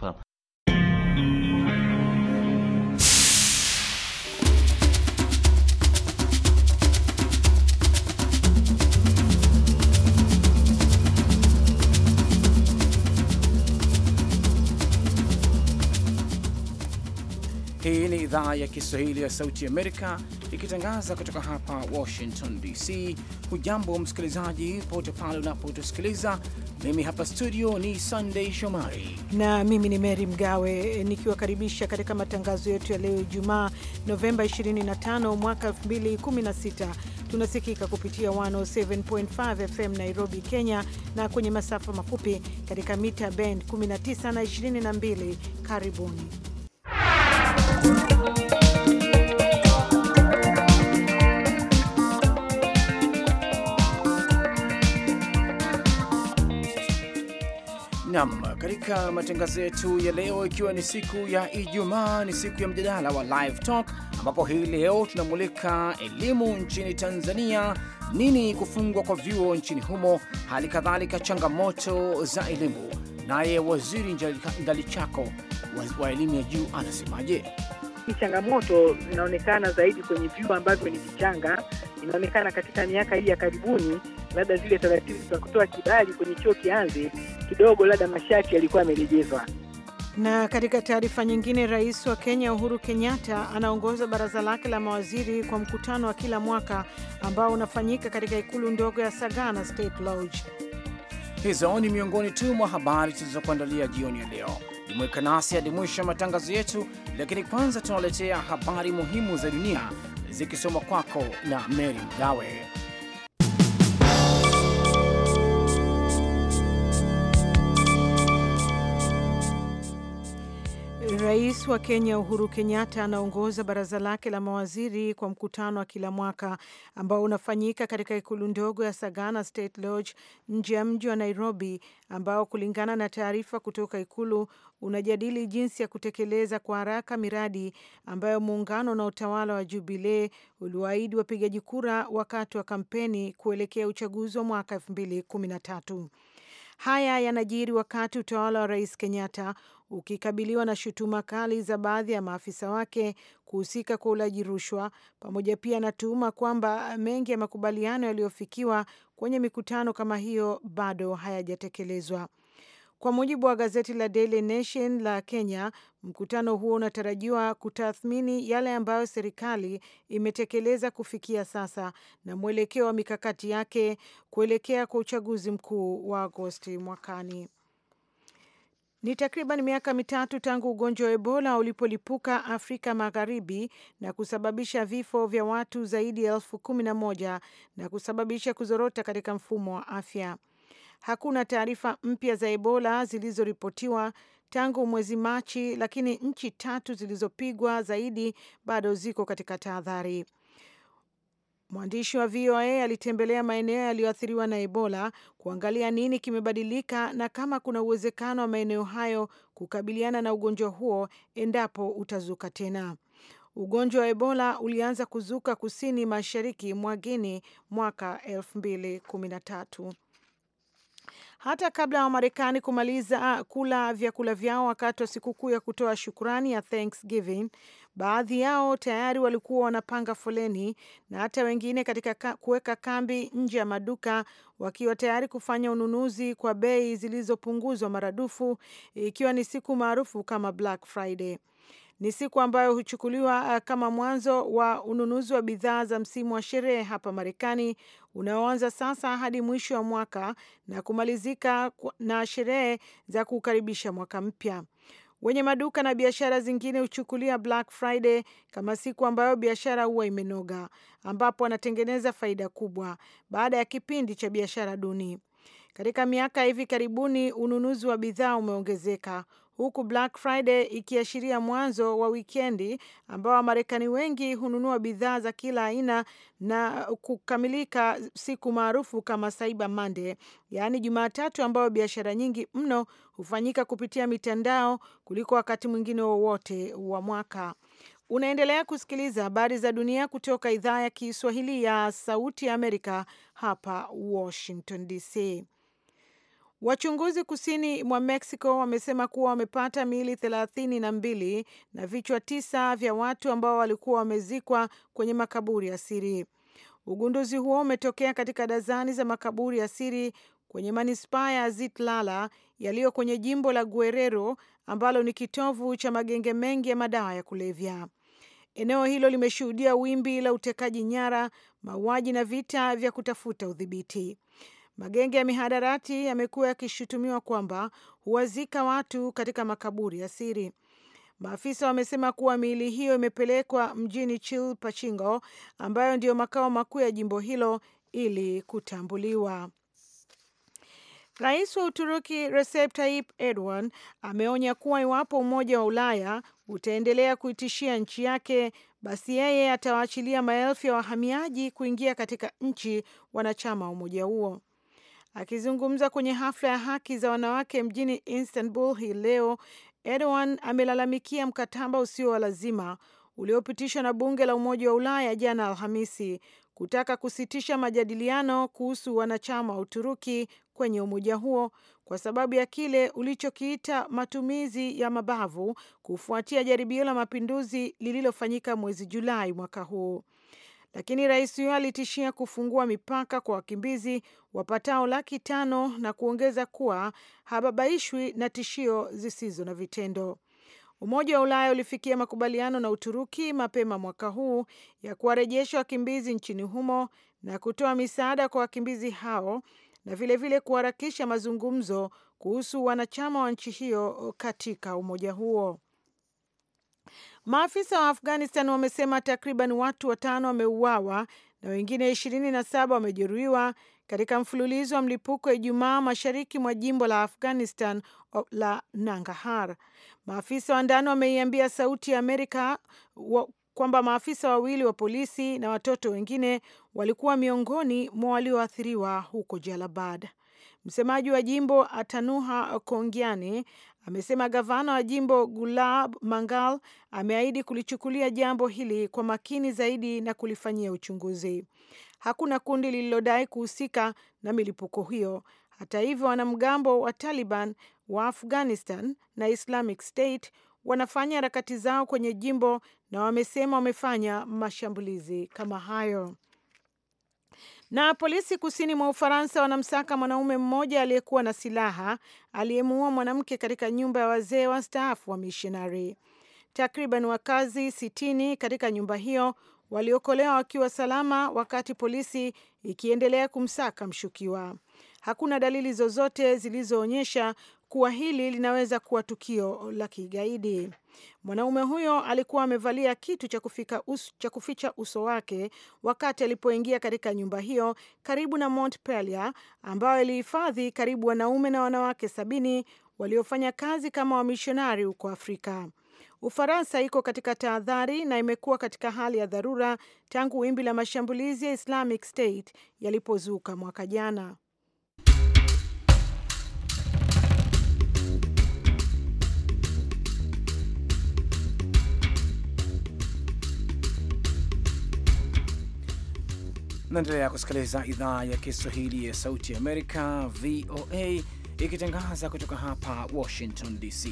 van ya Kiswahili ya Sauti Amerika ikitangaza kutoka hapa Washington DC. Hujambo msikilizaji, pote pale unapotusikiliza. Mimi hapa studio ni Sunday Shomari na mimi ni Mary Mgawe nikiwakaribisha katika matangazo yetu ya leo Ijumaa Novemba 25 mwaka 2016. Tunasikika kupitia 107.5 FM Nairobi, Kenya, na kwenye masafa mafupi katika mita band 19 na 22. Karibuni. Nam, katika matangazo yetu ya leo, ikiwa ni siku ya Ijumaa, ni siku ya mjadala wa Live Talk, ambapo hii leo tunamulika elimu nchini Tanzania, nini kufungwa kwa vyuo nchini humo, hali kadhalika changamoto za elimu. Naye Waziri Ndalichako wa elimu ya juu anasemaje? lakini changamoto zinaonekana zaidi kwenye vyuo ambavyo ni vichanga. Inaonekana katika miaka hii ya karibuni, labda zile taratibu za kutoa kibali kwenye chuo kianze kidogo, labda masharti yalikuwa yamerejezwa. Na katika taarifa nyingine, rais wa Kenya Uhuru Kenyatta anaongoza baraza lake la mawaziri kwa mkutano wa kila mwaka ambao unafanyika katika ikulu ndogo ya Sagana State Lodge. Hizo ni miongoni tu mwa habari tulizokuandalia jioni ya leo. Jumuika nasi hadi mwisho ya matangazo yetu, lakini kwanza tunawaletea habari muhimu za dunia zikisomwa kwako na Meri Mgawe. Rais wa Kenya Uhuru Kenyatta anaongoza baraza lake la mawaziri kwa mkutano wa kila mwaka ambao unafanyika katika ikulu ndogo ya Sagana State Lodge nje ya mji wa Nairobi, ambao kulingana na taarifa kutoka ikulu unajadili jinsi ya kutekeleza kwa haraka miradi ambayo muungano na utawala wa Jubilee uliwaahidi wapigaji kura wakati wa kampeni kuelekea uchaguzi wa mwaka 2013. Haya yanajiri wakati utawala wa Rais Kenyatta ukikabiliwa na shutuma kali za baadhi ya maafisa wake kuhusika kwa ulaji rushwa, pamoja pia na tuhuma kwamba mengi ya makubaliano yaliyofikiwa kwenye mikutano kama hiyo bado hayajatekelezwa. Kwa mujibu wa gazeti la Daily Nation la Kenya, mkutano huo unatarajiwa kutathmini yale ambayo serikali imetekeleza kufikia sasa na mwelekeo wa mikakati yake kuelekea kwa uchaguzi mkuu wa Agosti mwakani. Ni takriban miaka mitatu tangu ugonjwa wa Ebola ulipolipuka Afrika Magharibi na kusababisha vifo vya watu zaidi ya elfu kumi na moja na kusababisha kuzorota katika mfumo wa afya. Hakuna taarifa mpya za Ebola zilizoripotiwa tangu mwezi Machi, lakini nchi tatu zilizopigwa zaidi bado ziko katika tahadhari. Mwandishi wa VOA alitembelea maeneo yaliyoathiriwa na Ebola kuangalia nini kimebadilika na kama kuna uwezekano wa maeneo hayo kukabiliana na ugonjwa huo endapo utazuka tena. Ugonjwa wa Ebola ulianza kuzuka kusini mashariki mwa Guinea mwaka 2013 hata kabla ya Wamarekani kumaliza ah, kula vyakula vyao wakati wa sikukuu ya kutoa shukurani ya Thanksgiving. Baadhi yao tayari walikuwa wanapanga foleni na hata wengine katika kuweka kambi nje ya maduka wakiwa tayari kufanya ununuzi kwa bei zilizopunguzwa maradufu, ikiwa ni siku maarufu kama Black Friday. Ni siku ambayo huchukuliwa eh, kama mwanzo wa ununuzi wa bidhaa za msimu wa sherehe hapa Marekani unaoanza sasa hadi mwisho wa mwaka na kumalizika na sherehe za kukaribisha mwaka mpya. Wenye maduka na biashara zingine huchukulia Black Friday kama siku ambayo biashara huwa imenoga, ambapo wanatengeneza faida kubwa baada ya kipindi cha biashara duni. Katika miaka hivi karibuni, ununuzi wa bidhaa umeongezeka huku Black Friday ikiashiria mwanzo wa wikendi ambao Wamarekani wengi hununua bidhaa za kila aina na kukamilika siku maarufu kama Cyber Monday, yaani Jumatatu ambayo biashara nyingi mno hufanyika kupitia mitandao kuliko wakati mwingine wowote wa mwaka. Unaendelea kusikiliza habari za dunia kutoka idhaa ya Kiswahili ya Sauti ya Amerika hapa Washington DC. Wachunguzi kusini mwa Mexico wamesema kuwa wamepata miili thelathini na mbili na vichwa tisa vya watu ambao walikuwa wamezikwa kwenye makaburi ya siri. Ugunduzi huo umetokea katika dazani za makaburi ya siri kwenye manispaa ya Zitlala yaliyo kwenye jimbo la Guerrero ambalo ni kitovu cha magenge mengi ya madawa ya kulevya. Eneo hilo limeshuhudia wimbi la utekaji nyara, mauaji na vita vya kutafuta udhibiti. Magenge ya mihadarati yamekuwa yakishutumiwa kwamba huwazika watu katika makaburi ya siri. Maafisa wamesema kuwa miili hiyo imepelekwa mjini Chilpachingo, ambayo ndiyo makao makuu ya jimbo hilo ili kutambuliwa. Rais wa Uturuki Recep Tayyip Erdogan ameonya kuwa iwapo Umoja wa Ulaya utaendelea kuitishia nchi yake, basi yeye atawaachilia maelfu ya wahamiaji kuingia katika nchi wanachama wa umoja huo. Akizungumza kwenye hafla ya haki za wanawake mjini Istanbul hii leo, Erdogan amelalamikia mkataba usio wa lazima uliopitishwa na bunge la Umoja wa Ulaya jana Alhamisi kutaka kusitisha majadiliano kuhusu wanachama wa Uturuki kwenye umoja huo kwa sababu ya kile ulichokiita matumizi ya mabavu kufuatia jaribio la mapinduzi lililofanyika mwezi Julai mwaka huu lakini rais huyo alitishia kufungua mipaka kwa wakimbizi wapatao laki tano na kuongeza kuwa hababaishwi na tishio zisizo na vitendo. Umoja wa Ulaya ulifikia makubaliano na Uturuki mapema mwaka huu ya kuwarejesha wakimbizi nchini humo na kutoa misaada kwa wakimbizi hao na vilevile kuharakisha mazungumzo kuhusu wanachama wa nchi hiyo katika umoja huo. Maafisa wa Afghanistan wamesema takriban watu watano wameuawa na wengine 27 wamejeruhiwa katika mfululizo wa mlipuko Ijumaa mashariki mwa jimbo la Afghanistan la Nangahar. Maafisa wa ndani wameiambia Sauti ya Amerika wa kwamba maafisa wawili wa polisi na watoto wengine walikuwa miongoni mwa walioathiriwa huko Jalabad. Msemaji wa jimbo Atanuha Kongiani amesema gavana wa jimbo Gulab Mangal ameahidi kulichukulia jambo hili kwa makini zaidi na kulifanyia uchunguzi. Hakuna kundi lililodai kuhusika na milipuko hiyo. Hata hivyo, wanamgambo wa Taliban wa Afghanistan na Islamic State wanafanya harakati zao kwenye jimbo na wamesema wamefanya mashambulizi kama hayo. Na polisi kusini mwa Ufaransa wanamsaka mwanaume mmoja aliyekuwa na silaha aliyemuua mwanamke katika nyumba ya wazee wastaafu wa mishonari. Takriban wakazi sitini katika nyumba hiyo waliokolewa wakiwa salama, wakati polisi ikiendelea kumsaka mshukiwa. Hakuna dalili zozote zilizoonyesha kuwa hili linaweza kuwa tukio la kigaidi. Mwanaume huyo alikuwa amevalia kitu cha, kufika cha kuficha uso wake wakati alipoingia katika nyumba hiyo karibu na Montpelier ambayo ilihifadhi karibu wanaume na wanawake sabini waliofanya kazi kama wamishonari huko Afrika. Ufaransa iko katika tahadhari na imekuwa katika hali ya dharura tangu wimbi la mashambulizi ya Islamic State yalipozuka mwaka jana. Naendelea kusikiliza idhaa ya Kiswahili ya Sauti Amerika, VOA, ikitangaza kutoka hapa Washington DC.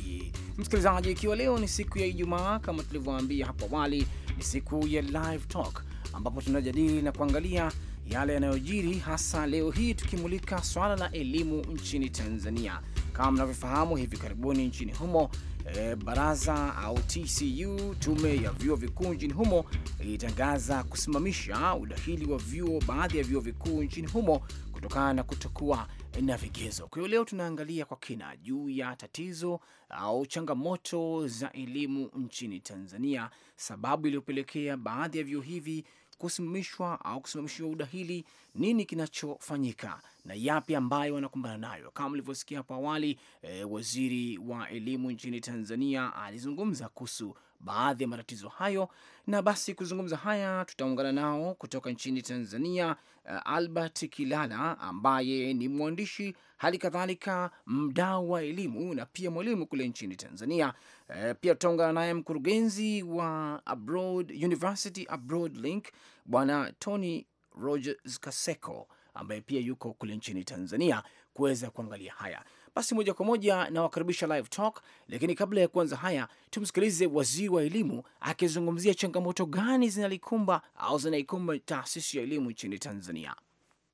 Msikilizaji, ikiwa leo ni siku ya Ijumaa, kama tulivyoambia hapo awali, ni siku ya Live Talk ambapo tunajadili na kuangalia yale yanayojiri, hasa leo hii tukimulika swala la elimu nchini Tanzania. Kama mnavyofahamu, hivi karibuni nchini humo e, baraza au TCU, tume ya vyuo vikuu nchini humo ilitangaza kusimamisha udahili wa vyuo, baadhi ya vyuo vikuu nchini humo kutokana na kutokuwa na vigezo. Kwa hiyo leo tunaangalia kwa kina juu ya tatizo au changamoto za elimu nchini Tanzania, sababu iliyopelekea baadhi ya vyuo hivi kusimamishwa au kusimamishiwa udahili, nini kinachofanyika na yapi ambayo wanakumbana nayo? Kama mlivyosikia hapo awali, e, waziri wa elimu nchini Tanzania alizungumza kuhusu baadhi ya matatizo hayo. Na basi kuzungumza haya, tutaungana nao kutoka nchini Tanzania, eh, Albert Kilala ambaye ni mwandishi hali kadhalika mdau wa elimu na pia mwalimu kule nchini Tanzania. Eh, pia tutaungana naye mkurugenzi wa Abroad University Abroad Link Bwana Tony Rogers Kaseko ambaye pia yuko kule nchini Tanzania kuweza kuangalia haya. Basi moja kwa moja nawakaribisha live talk, lakini kabla ya kuanza haya, tumsikilize waziri wa elimu akizungumzia changamoto gani zinalikumba au zinaikumba taasisi ya elimu nchini Tanzania.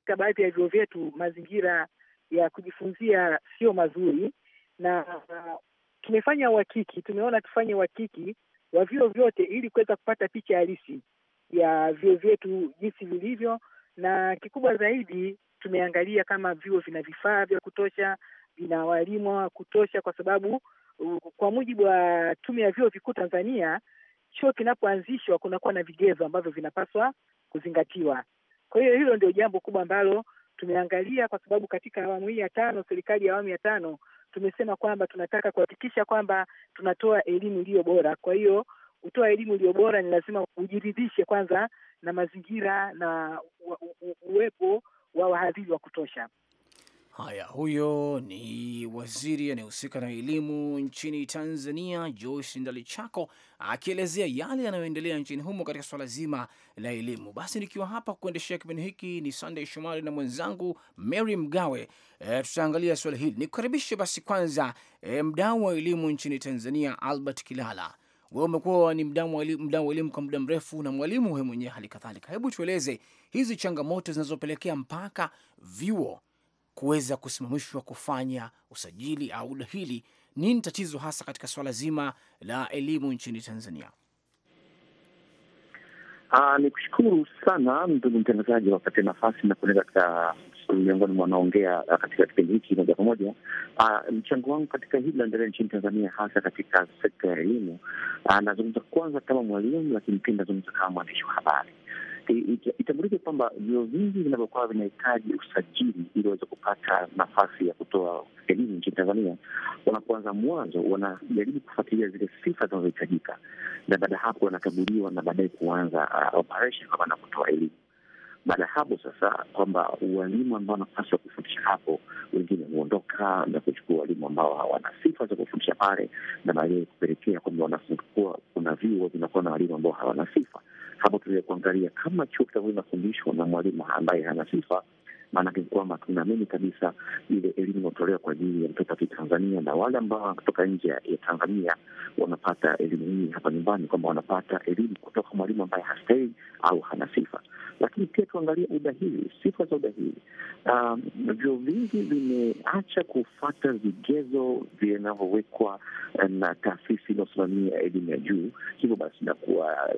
Katika baadhi ya vyuo vyetu mazingira ya kujifunzia sio mazuri, na tumefanya uhakiki, tumeona tufanye uhakiki wa vyuo vyote ili kuweza kupata picha halisi ya vyuo vyetu jinsi vilivyo, na kikubwa zaidi tumeangalia kama vyuo vina vifaa vya kutosha, ina walimu wa kutosha, kwa sababu kwa mujibu wa Tume ya Vyuo Vikuu Tanzania, chuo kinapoanzishwa kunakuwa na vigezo ambavyo vinapaswa kuzingatiwa. Kwa hiyo hilo ndio jambo kubwa ambalo tumeangalia, kwa sababu katika awamu hii ya tano, serikali ya awamu ya tano, tumesema kwamba tunataka kuhakikisha kwamba tunatoa elimu iliyo bora. Kwa hiyo kutoa elimu iliyo bora ni lazima ujiridhishe kwanza na mazingira na uwepo wa wahadhiri wa kutosha. Haya, huyo ni waziri anayehusika na elimu nchini Tanzania, Joyce Ndalichako, akielezea yale yanayoendelea nchini humo katika swala zima la elimu. Basi nikiwa hapa kuendeshea kipindi hiki ni Sunday Shomari na mwenzangu Mary Mgawe. E, tutaangalia swala hili. Nikukaribishe basi kwanza e, mdau wa elimu nchini Tanzania, Albert Kilala. Wewe umekuwa ni mdau wa elimu kwa muda mrefu na mwalimu wewe mwenyewe hali kadhalika, hebu tueleze hizi changamoto zinazopelekea mpaka vyuo kuweza kusimamishwa kufanya usajili au udahili? Nini tatizo hasa katika swala zima la elimu nchini Tanzania? Ah, ni kushukuru sana ndugu mtangazaji wapate nafasi na kuenda katika miongoni mwa wanaongea ah, katika kipindi hiki moja kwa moja. Ah, mchango wangu katika hili laendelea nchini Tanzania, hasa katika sekta ya elimu, nazungumza kwanza kama mwalimu, lakini pia nazungumza kama mwandishi wa habari itambulike kwamba vyuo vingi vinavyokuwa vinahitaji usajili ili waweze kupata nafasi ya kutoa elimu nchini Tanzania, wanapoanza mwanzo wanajaribu kufuatilia zile sifa zinazohitajika, na baada ya hapo wanakaguliwa na baadaye kuanza uh, operation kama na kutoa elimu. Baada ya hapo sasa, kwamba walimu ambao nafasi ya kufundisha hapo, wengine huondoka na kuchukua walimu ambao hawana sifa za kufundisha pale, na baadaye kupelekea kwamba wanakuwa kuna vyuo vinakuwa na walimu ambao hawana sifa hapo tulia kuangalia kama chuo kitakuwa inafundishwa na mwalimu ambaye hana sifa maanake kwamba tunaamini kabisa ile elimu inaotolewa kwa ajili ya mtoto wa Kitanzania na wale ambao wanatoka nje ya Tanzania wanapata elimu hii hapa nyumbani, kwamba wanapata elimu kutoka mwalimu ambaye hastahili au hana sifa. Lakini pia tuangalie udahili, sifa za udahili. Um, vyo vingi vimeacha kufata vigezo vinavyowekwa eh, na taasisi inaosimamia elimu ya juu, hivyo basi na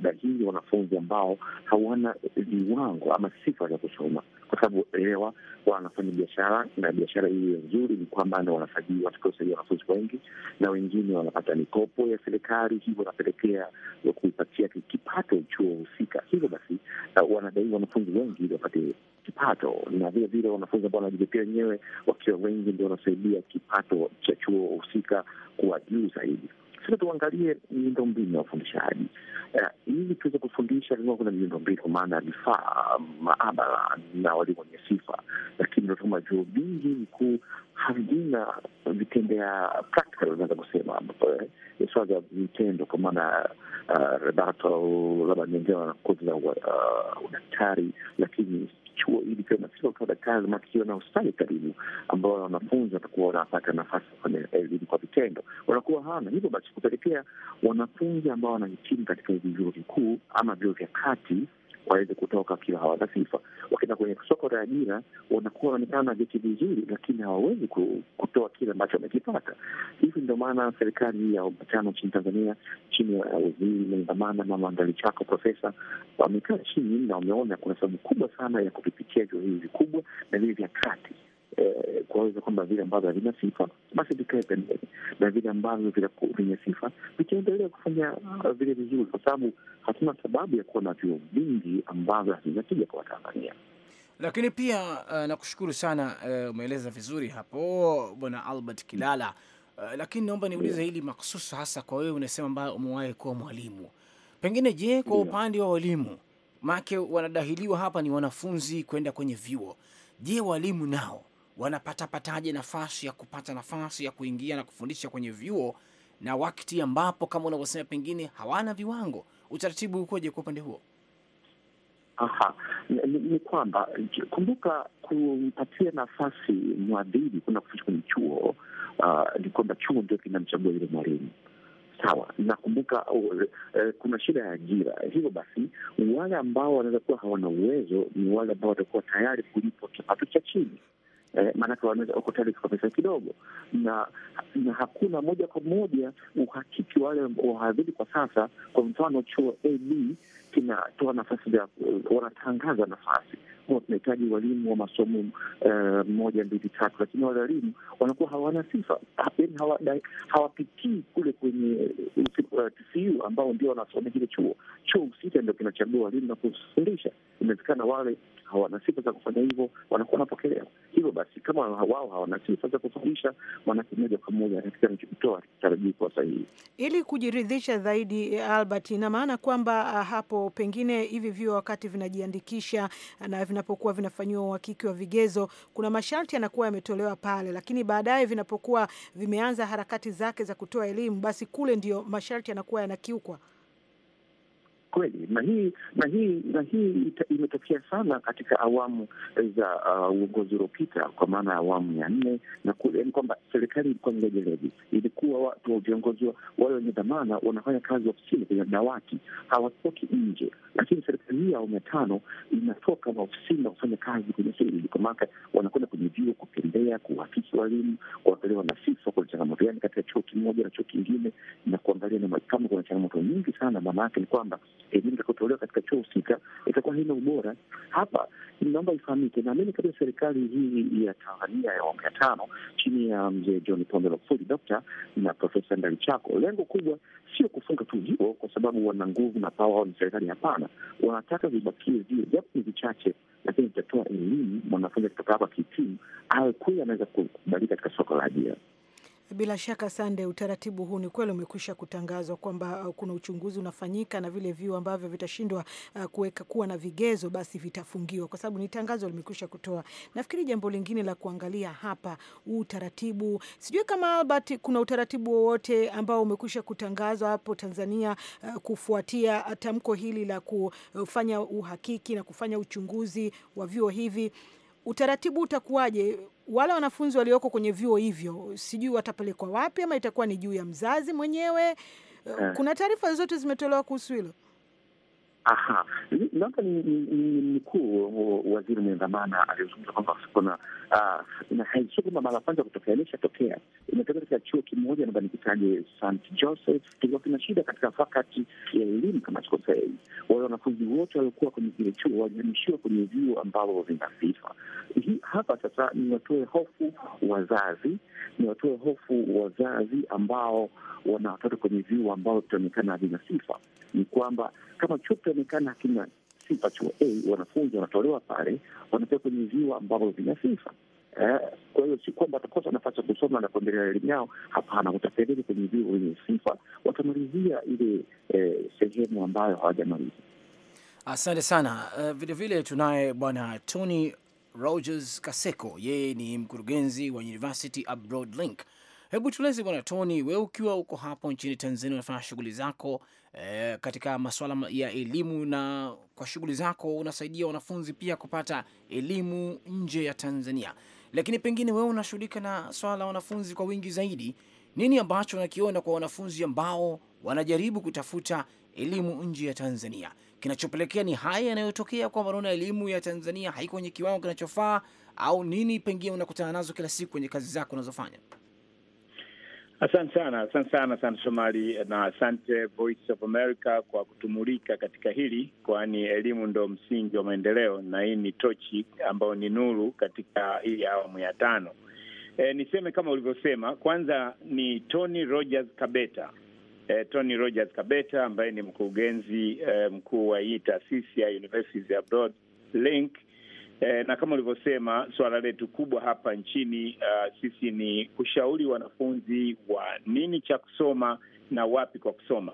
dahili wanafunzi ambao hawana viwango ama sifa za kusoma kwa sababu elewa wa wanafanya biashara na biashara hiyo nzuri ni kwamba wanasajili watakaosaidia wanafunzi wengi, na wengine wanapata mikopo ya serikali, hivyo wanapelekea kuipatia kipato chuo husika. Hivyo basi uh, wanadai wanafunzi wengi ili wapate kipato, na vile vile wanafunzi ambao wanajilipia wenyewe wakiwa wengi ndio wanasaidia kipato cha chuo husika kuwa juu zaidi. Sasa tuangalie miundo mbinu ya ufundishaji eh, ili tuweze kufundisha. Lazima kuna miundo mbinu, maana vifaa, maabara na walimu wenye sifa, lakini tunasema vyuo vingi vikuu havina vitendea practical, naweza kusema eh, swala za vitendo, kwa maana laboratory eh, labda nyengewa na kozi za udaktari, lakini chuo ili kiwe na sio kazi na na karibu, ambao wanafunzi watakuwa wanapata nafasi ya kufanya elimu kwa vitendo, wanakuwa hana hivyo basi kupelekea wanafunzi ambao wanahitimu katika vyuo vikuu ama vyuo vya kati waweze kutoka wakiwa hawana sifa. Wakienda kwenye soko la ajira, wanakuwa wanaonekana vitu vizuri, lakini hawawezi kutoa kile ambacho wamekipata. Hivi ndio maana serikali ya upatano nchini Tanzania chini ya waziri mwenye dhamana Mama Ndalichako Profesa wamekaa chini na wameona kuna sababu kubwa sana ya kuvipitia vyuo hivi vikubwa na vile vya kati eh, kwamba vile ambavyo havina sifa basi vikae pembeni na vile ambavyo vyenye sifa vikiendelea kufanya uh, vile vizuri, kwa sababu hatuna sababu ya kuwa na vyuo vingi ambavyo havinatija kwa Watanzania. Lakini pia uh, nakushukuru sana uh, umeeleza vizuri hapo Bwana Albert Kilala. Uh, lakini naomba niulize yeah, hili makhususa hasa kwa wewe unasema ambayo umewahi kuwa mwalimu pengine. Je, kwa upande wa walimu maake wanadahiliwa hapa ni wanafunzi kwenda kwenye vyuo. Je, walimu nao wanapatapataje nafasi ya kupata nafasi ya kuingia na kufundisha kwenye vyuo, na wakati ambapo kama unavyosema pengine hawana viwango? Utaratibu ukoje kwa upande huo? Aha, ni kwamba kumbuka, kumpatia nafasi mwadhiri kuna kufundisha kwenye chuo uh, ni kwamba chuo ndio kinamchagua yule mwalimu sawa. Nakumbuka uh, eh, uh, eh, kuna shida ya ajira. Hivyo basi wale ambao wanaweza kuwa hawana uwezo ni wale ambao watakuwa tayari kulipwa kipato cha chini eh, maanake wanaweza kutalika kwa pesa kidogo, na na hakuna moja kwa moja uhakiki wale wahadhiri kwa sasa. Kwa mfano chuo AB kinatoa nafasi za wanatangaza nafasi huwa tunahitaji walimu wa masomo uh, moja mbili tatu, lakini wale walimu wanakuwa hawana sifa, yaani hawapitii kule kwenye uh, ambao ndio wanasomea kile chuo. Chuo husika ndio kinachagua walimu na kufundisha. Inawezekana wale hawana sifa za kufanya hivyo, wanakuwa wanapokelewa hivyo. Basi kama wao hawana sifa za kufundisha, maanake moja kwa moja katika kutoa tarajii kuwa sahihi. Ili kujiridhisha zaidi, Albert, ina maana kwamba ah, hapo pengine hivi vyuo wakati vinajiandikisha ah, na vinapokuwa vinafanyiwa uhakiki wa vigezo, kuna masharti yanakuwa yametolewa pale, lakini baadaye vinapokuwa vimeanza harakati zake za kutoa elimu, basi kule ndio masharti yanakuwa yanakiukwa kweli, na hii na hii na hii imetokea sana katika awamu za uh, uongozi uh, uliopita, kwa maana ya awamu ya nne, na yaani kwamba serikali ilikuwa mlegelegi, ilikuwa watu wa viongozi wale wenye dhamana wanafanya kazi ofisini kwenye dawati, hawatoki nje, lakini serikali hii ya awamu ya tano inatoka maofisini na kufanya kazi kwenye sehemu, kwa maana wanakwenda kwenye vyuo kutembea, kuwafiki walimu, kuangalia wanasifa kuna changamoto gani katika chuo kimoja na chuo kingine, na kuangalia kama kuna changamoto nyingi sana. Maana yake ni kwamba elimu itakaotolewa katika chuo husika itakuwa haina ubora. Hapa naomba ifahamike, naamini katika serikali hii ya Tanzania ya awamu ya tano chini ya mzee um, John Pombe Magufuli dokta na Profesa Ndalichako, lengo kubwa sio kufunga tu vyuo kwa sababu wana nguvu na pawa, wao ni serikali. Hapana, wanataka vibakie vio japo ni vichache, lakini vitatoa elimu. Mwanafunzi akitoka hapa kitimu awe kweli anaweza kukubalika katika soko la ajira. Bila shaka Sande, utaratibu huu ni kweli umekwisha kutangazwa kwamba uh, kuna uchunguzi unafanyika na vile vyuo ambavyo vitashindwa uh, kuweka kuwa na vigezo basi vitafungiwa, kwa sababu ni tangazo limekwisha kutoa. Nafikiri jambo lingine la kuangalia hapa huu utaratibu, sijui kama Albert, kuna utaratibu wowote ambao umekwisha kutangazwa hapo Tanzania uh, kufuatia uh, tamko hili la kufanya uhakiki na kufanya uchunguzi wa vyuo hivi utaratibu utakuwaje? Wale wanafunzi walioko kwenye vyuo hivyo, sijui watapelekwa wapi, ama itakuwa ni juu ya mzazi mwenyewe? Eh. Kuna taarifa zote zimetolewa kuhusu hilo? Aha, naomba ni mkuu waziri mwenye dhamana aliyozungumza kwamba kuna Uh, na haisio kwamba mara kwanza kutokea, ilishatokea imetokea katika chuo kimoja, nadhani kitaje St Joseph, kilikuwa kina shida katika fakati ya elimu kama sikosei. Wale wanafunzi wote waliokuwa kwenye kile chuo walihamishiwa kwenye vyuo ambavyo vina sifa Hapa sasa ni watoe hofu wazazi, ni watoe hofu wazazi ambao wana watoto kwenye vyuo ambao vitaonekana havina sifa, ni kwamba kama chuo kitaonekana hakina sifa chuo eh, A, wanafunzi wanatolewa pale, wanapewa kwenye vyuo ambavyo vina sifa. Eh, kwa hiyo si kwamba watakosa nafasi ya kusoma na kuendelea elimu yao. Hapana, watapeleka kwenye vyuo vyenye sifa, watamalizia ile eh, sehemu ambayo hawajamaliza. Asante sana. Vilevile tunaye bwana Tony Rogers Kaseko, yeye ni mkurugenzi wa University Abroad Link Hebu tueleze bwana Tony, wewe ukiwa uko hapo nchini Tanzania unafanya shughuli zako e, katika masuala ya elimu na kwa shughuli zako unasaidia wanafunzi pia kupata elimu nje ya Tanzania, lakini pengine wewe unashughulika na swala la wanafunzi kwa wingi zaidi. Nini ambacho unakiona kwa wanafunzi ambao wanajaribu kutafuta elimu nje ya Tanzania? Kinachopelekea ni haya yanayotokea, kwamba unaona elimu ya Tanzania haiko kwenye kiwango kinachofaa, au nini pengine unakutana nazo kila siku kwenye kazi zako unazofanya? Asante sana, asante sana sante Shomari, na asante Voice of America kwa kutumulika katika hili, kwani elimu ndo msingi wa maendeleo na hii ni tochi ambayo ni nuru katika hii awamu ya tano. E, niseme kama ulivyosema, kwanza ni Tony Rogers Kabeta. E, Tony Rogers Kabeta ambaye ni mkurugenzi e, mkuu wa hii taasisi ya Universities Abroad Link E, na kama ulivyosema suala letu kubwa hapa nchini uh, sisi ni kushauri wanafunzi wa nini cha kusoma na wapi kwa kusoma,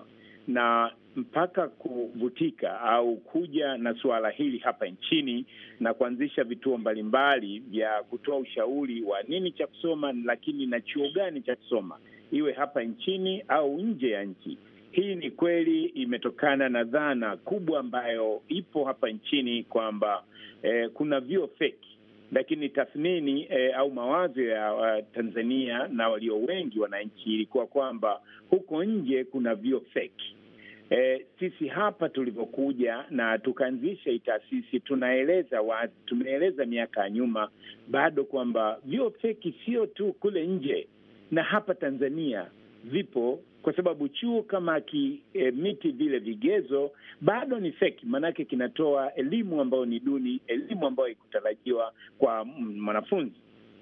na mpaka kuvutika au kuja na suala hili hapa nchini na kuanzisha vituo mbalimbali vya kutoa ushauri wa nini cha kusoma, lakini na chuo gani cha kusoma, iwe hapa nchini au nje ya nchi hii ni kweli imetokana na dhana kubwa ambayo ipo hapa nchini kwamba eh, kuna vyuo feki lakini tathmini e, au mawazo ya uh, Tanzania na walio wengi wananchi ilikuwa kwamba huko nje kuna vyuo feki. E, sisi hapa tulivyokuja na tukaanzisha hii taasisi, tunaeleza wazi, tumeeleza miaka ya nyuma bado kwamba vyuo feki sio tu kule nje na hapa Tanzania vipo kwa sababu chuo kama akimiti vile vigezo bado ni feki, maanake kinatoa elimu ambayo ni duni, elimu ambayo ikutarajiwa kwa mwanafunzi.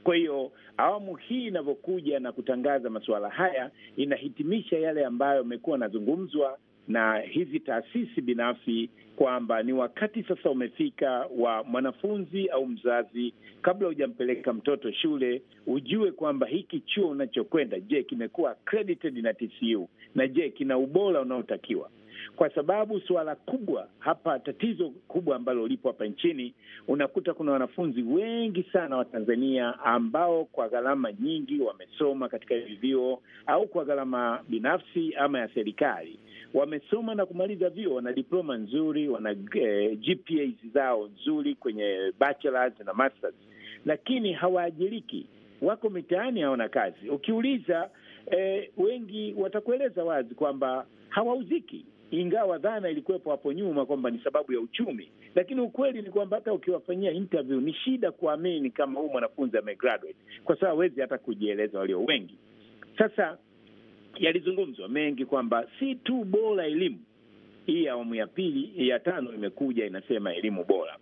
Kwa hiyo awamu hii inavyokuja na kutangaza masuala haya inahitimisha yale ambayo amekuwa anazungumzwa na hizi taasisi binafsi kwamba ni wakati sasa umefika wa mwanafunzi au mzazi, kabla hujampeleka mtoto shule, ujue kwamba hiki chuo unachokwenda, je, kimekuwa accredited na TCU na je, kina ubora unaotakiwa? kwa sababu suala kubwa hapa, tatizo kubwa ambalo lipo hapa nchini, unakuta kuna wanafunzi wengi sana wa Tanzania ambao kwa gharama nyingi wamesoma katika hivi vyuo au kwa gharama binafsi ama ya serikali, wamesoma na kumaliza vyuo, wana diploma nzuri, wana eh, GPA zao nzuri kwenye bachelors na masters, lakini hawaajiriki, wako mitaani, hawana kazi. Ukiuliza eh, wengi watakueleza wazi kwamba hawauziki ingawa dhana ilikuwepo hapo nyuma kwamba ni sababu ya uchumi, lakini ukweli ni kwamba hata ukiwafanyia interview ni shida kuamini kama huyu mwanafunzi amegraduate, kwa sababu hawezi hata kujieleza. Walio wengi sasa, yalizungumzwa mengi kwamba si tu bora elimu hii awamu ya pili ya tano imekuja inasema elimu bora,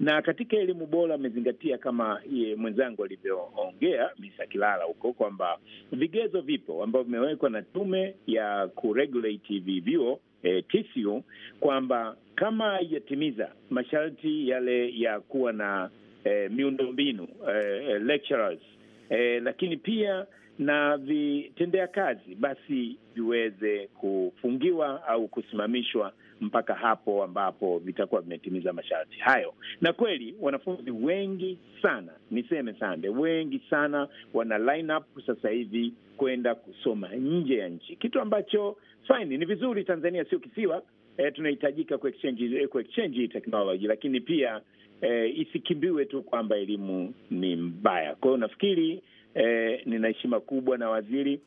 na katika elimu bora amezingatia kama mwenzangu alivyoongea Misa Kilala huko kwamba vigezo vipo ambavyo vimewekwa na tume ya kuregulate hivi vyuo eh, TCU kwamba kama haijatimiza masharti yale ya kuwa na e, miundombinu eh, eh, lecturers eh, lakini pia na vitendea kazi basi viweze kufungiwa au kusimamishwa mpaka hapo ambapo vitakuwa vimetimiza masharti hayo. Na kweli wanafunzi wengi sana, niseme sande, wengi sana wana line up sasa hivi kwenda kusoma nje ya nchi, kitu ambacho fine, ni vizuri. Tanzania sio kisiwa eh, tunahitajika kuexchange eh, kuexchange technology, lakini pia eh, isikimbiwe tu kwamba elimu ni mbaya. Kwa hiyo nafikiri eh, nina heshima kubwa na waziri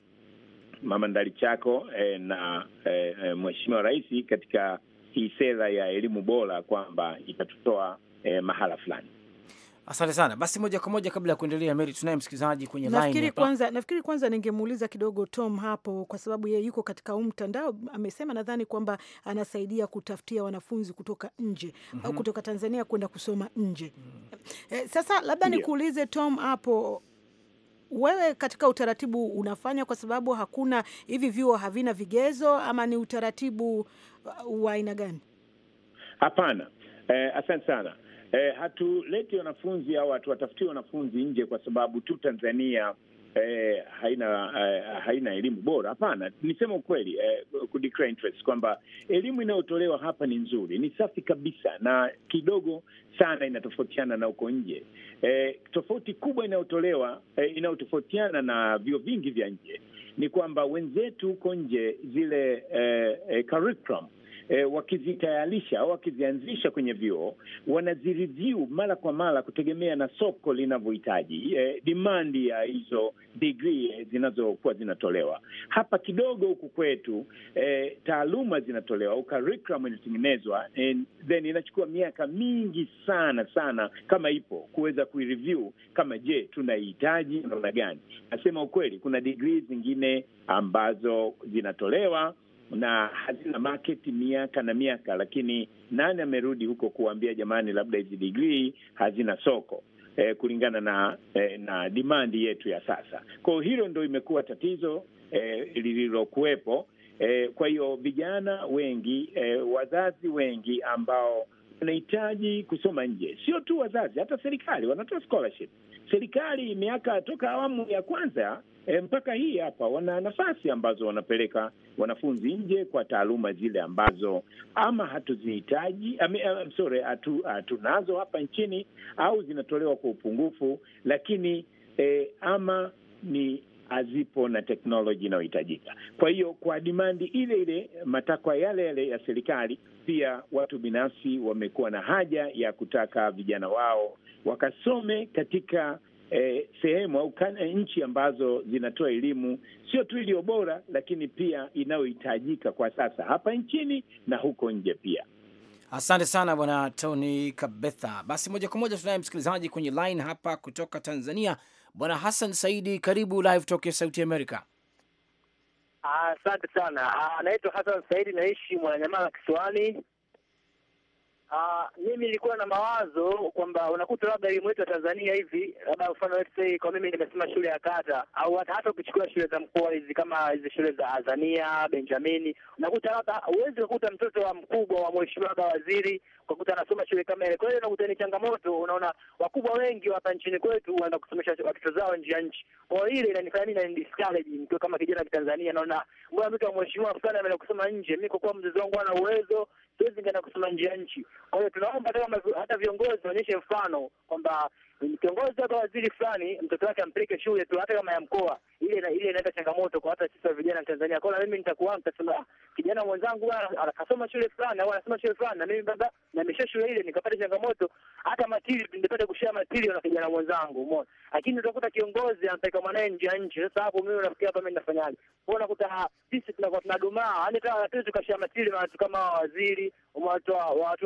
Mama chako eh, na eh, eh, Mheshimiwa Rais katika hii sera ya elimu bora kwamba itatutoa eh, mahala fulani. Asante sana. Basi moja kwa moja, kabla ya kuendelea, Mary, tunaye msikilizaji kwenye line. Nafikiri kwanza, nafikiri kwanza ningemuuliza kidogo Tom hapo, kwa sababu yeye yuko katika huu mtandao. Amesema nadhani kwamba anasaidia kutafutia wanafunzi kutoka nje mm -hmm. au mhm. kutoka Tanzania kwenda kusoma nje mm -hmm. Eh, sasa labda nikuulize Tom hapo wewe katika utaratibu unafanya kwa sababu hakuna hivi vyuo havina vigezo ama ni utaratibu uh, wa aina gani? Hapana. Eh, asante sana. Eh, hatuleti wanafunzi au hatuwatafuti wanafunzi nje kwa sababu tu Tanzania eh, haina eh, haina elimu bora. Hapana, niseme ukweli eh, kwamba elimu inayotolewa hapa ni nzuri, ni safi kabisa na kidogo sana inatofautiana na uko nje. Eh, tofauti kubwa inayotolewa eh, inayotofautiana na vyuo vingi vya nje ni kwamba wenzetu huko nje zile eh, eh, curriculum e, wakizitayarisha wakizianzisha kwenye vyuo wanaziridhiu mara kwa mara kutegemea na soko linavyohitaji e, dimandi ya hizo digrii e, zinazokuwa zinatolewa hapa kidogo huku kwetu e, taaluma zinatolewa ukarikram inatengenezwa e, then inachukua miaka mingi sana sana kama ipo kuweza kuireview kama je tunaihitaji namna gani. Nasema ukweli, kuna digri zingine ambazo zinatolewa na hazina market miaka na miaka, lakini nani amerudi huko kuambia jamani, labda hizi digrii hazina soko eh, kulingana na eh, na dimandi yetu ya sasa. Kwa hiyo hilo ndo imekuwa tatizo eh, lililokuwepo. Eh, kwa hiyo vijana wengi eh, wazazi wengi ambao wanahitaji kusoma nje. Sio tu wazazi, hata serikali wanatoa scholarship. Serikali miaka toka awamu ya kwanza e, mpaka hii hapa, wana nafasi ambazo wanapeleka wanafunzi nje kwa taaluma zile ambazo ama hatuzihitaji, eh, sorry, hatu, hatunazo hapa nchini au zinatolewa kwa upungufu, lakini e, ama ni hazipo na teknoloji inayohitajika. Kwa hiyo kwa dimandi ile ile, matakwa yale yale ya serikali, pia watu binafsi wamekuwa na haja ya kutaka vijana wao wakasome katika eh, sehemu au eh, nchi ambazo zinatoa elimu sio tu iliyo bora, lakini pia inayohitajika kwa sasa hapa nchini na huko nje pia. Asante sana Bwana Tony Kabetha. Basi moja kwa moja tunaye msikilizaji kwenye line hapa kutoka Tanzania, Bwana Hassan Saidi, karibu Live Talk ya Sauti Amerika. Asante sana, anaitwa ah, Hassan Saidi, naishi Mwananyamala Kisiwani. Ah, mimi nilikuwa na mawazo kwamba unakuta labda elimu yetu ya Tanzania hivi, labda mfano let's say kwa mimi nimesema shule ya kata au hata hata ukichukua shule za mkoa hizi kama hizi shule za Azania, Benjamini, unakuta labda huwezi kukuta mtoto wa mkubwa wa mheshimiwa baba waziri ukakuta anasoma shule kama ile. Kwa hiyo unakuta ni changamoto, unaona wakubwa wengi hapa nchini kwetu wanaenda kusomesha watoto zao nje ya nchi. Kwa hiyo ile inanifanya mimi na discourage mtu kama kijana wa Tanzania, naona mbona mtu wa mheshimiwa fulani ameenda kusoma nje, mimi kwa kuwa mzazi wangu ana uwezo siwezi nikaenda kusoma nje ya nchi. Kwa hiyo tunaomba hata viongozi waonyeshe mfano kwamba kiongozi hapa waziri fulani mtoto wake ampeleke shule tu, hata kama ya mkoa ile na ile inaleta changamoto kwa hata sisi vijana wa Tanzania. Kwa mimi nitakuwa mtasema ah, kijana mwenzangu akasoma shule fulani au anasoma shule fulani, na mimi baba nimesha shule ile nikapata changamoto, hata matili nipate kushare matili na kijana mwenzangu, umeona. Lakini utakuta kiongozi anataka mwanae nje ya nchi. Sasa hapo mimi nafikia hapa, mimi nafanyaje? Kwa unakuta ah, sisi tunakuwa tunadumaa, yani hata hatuwezi tukashare matili na watu kama waziri, watu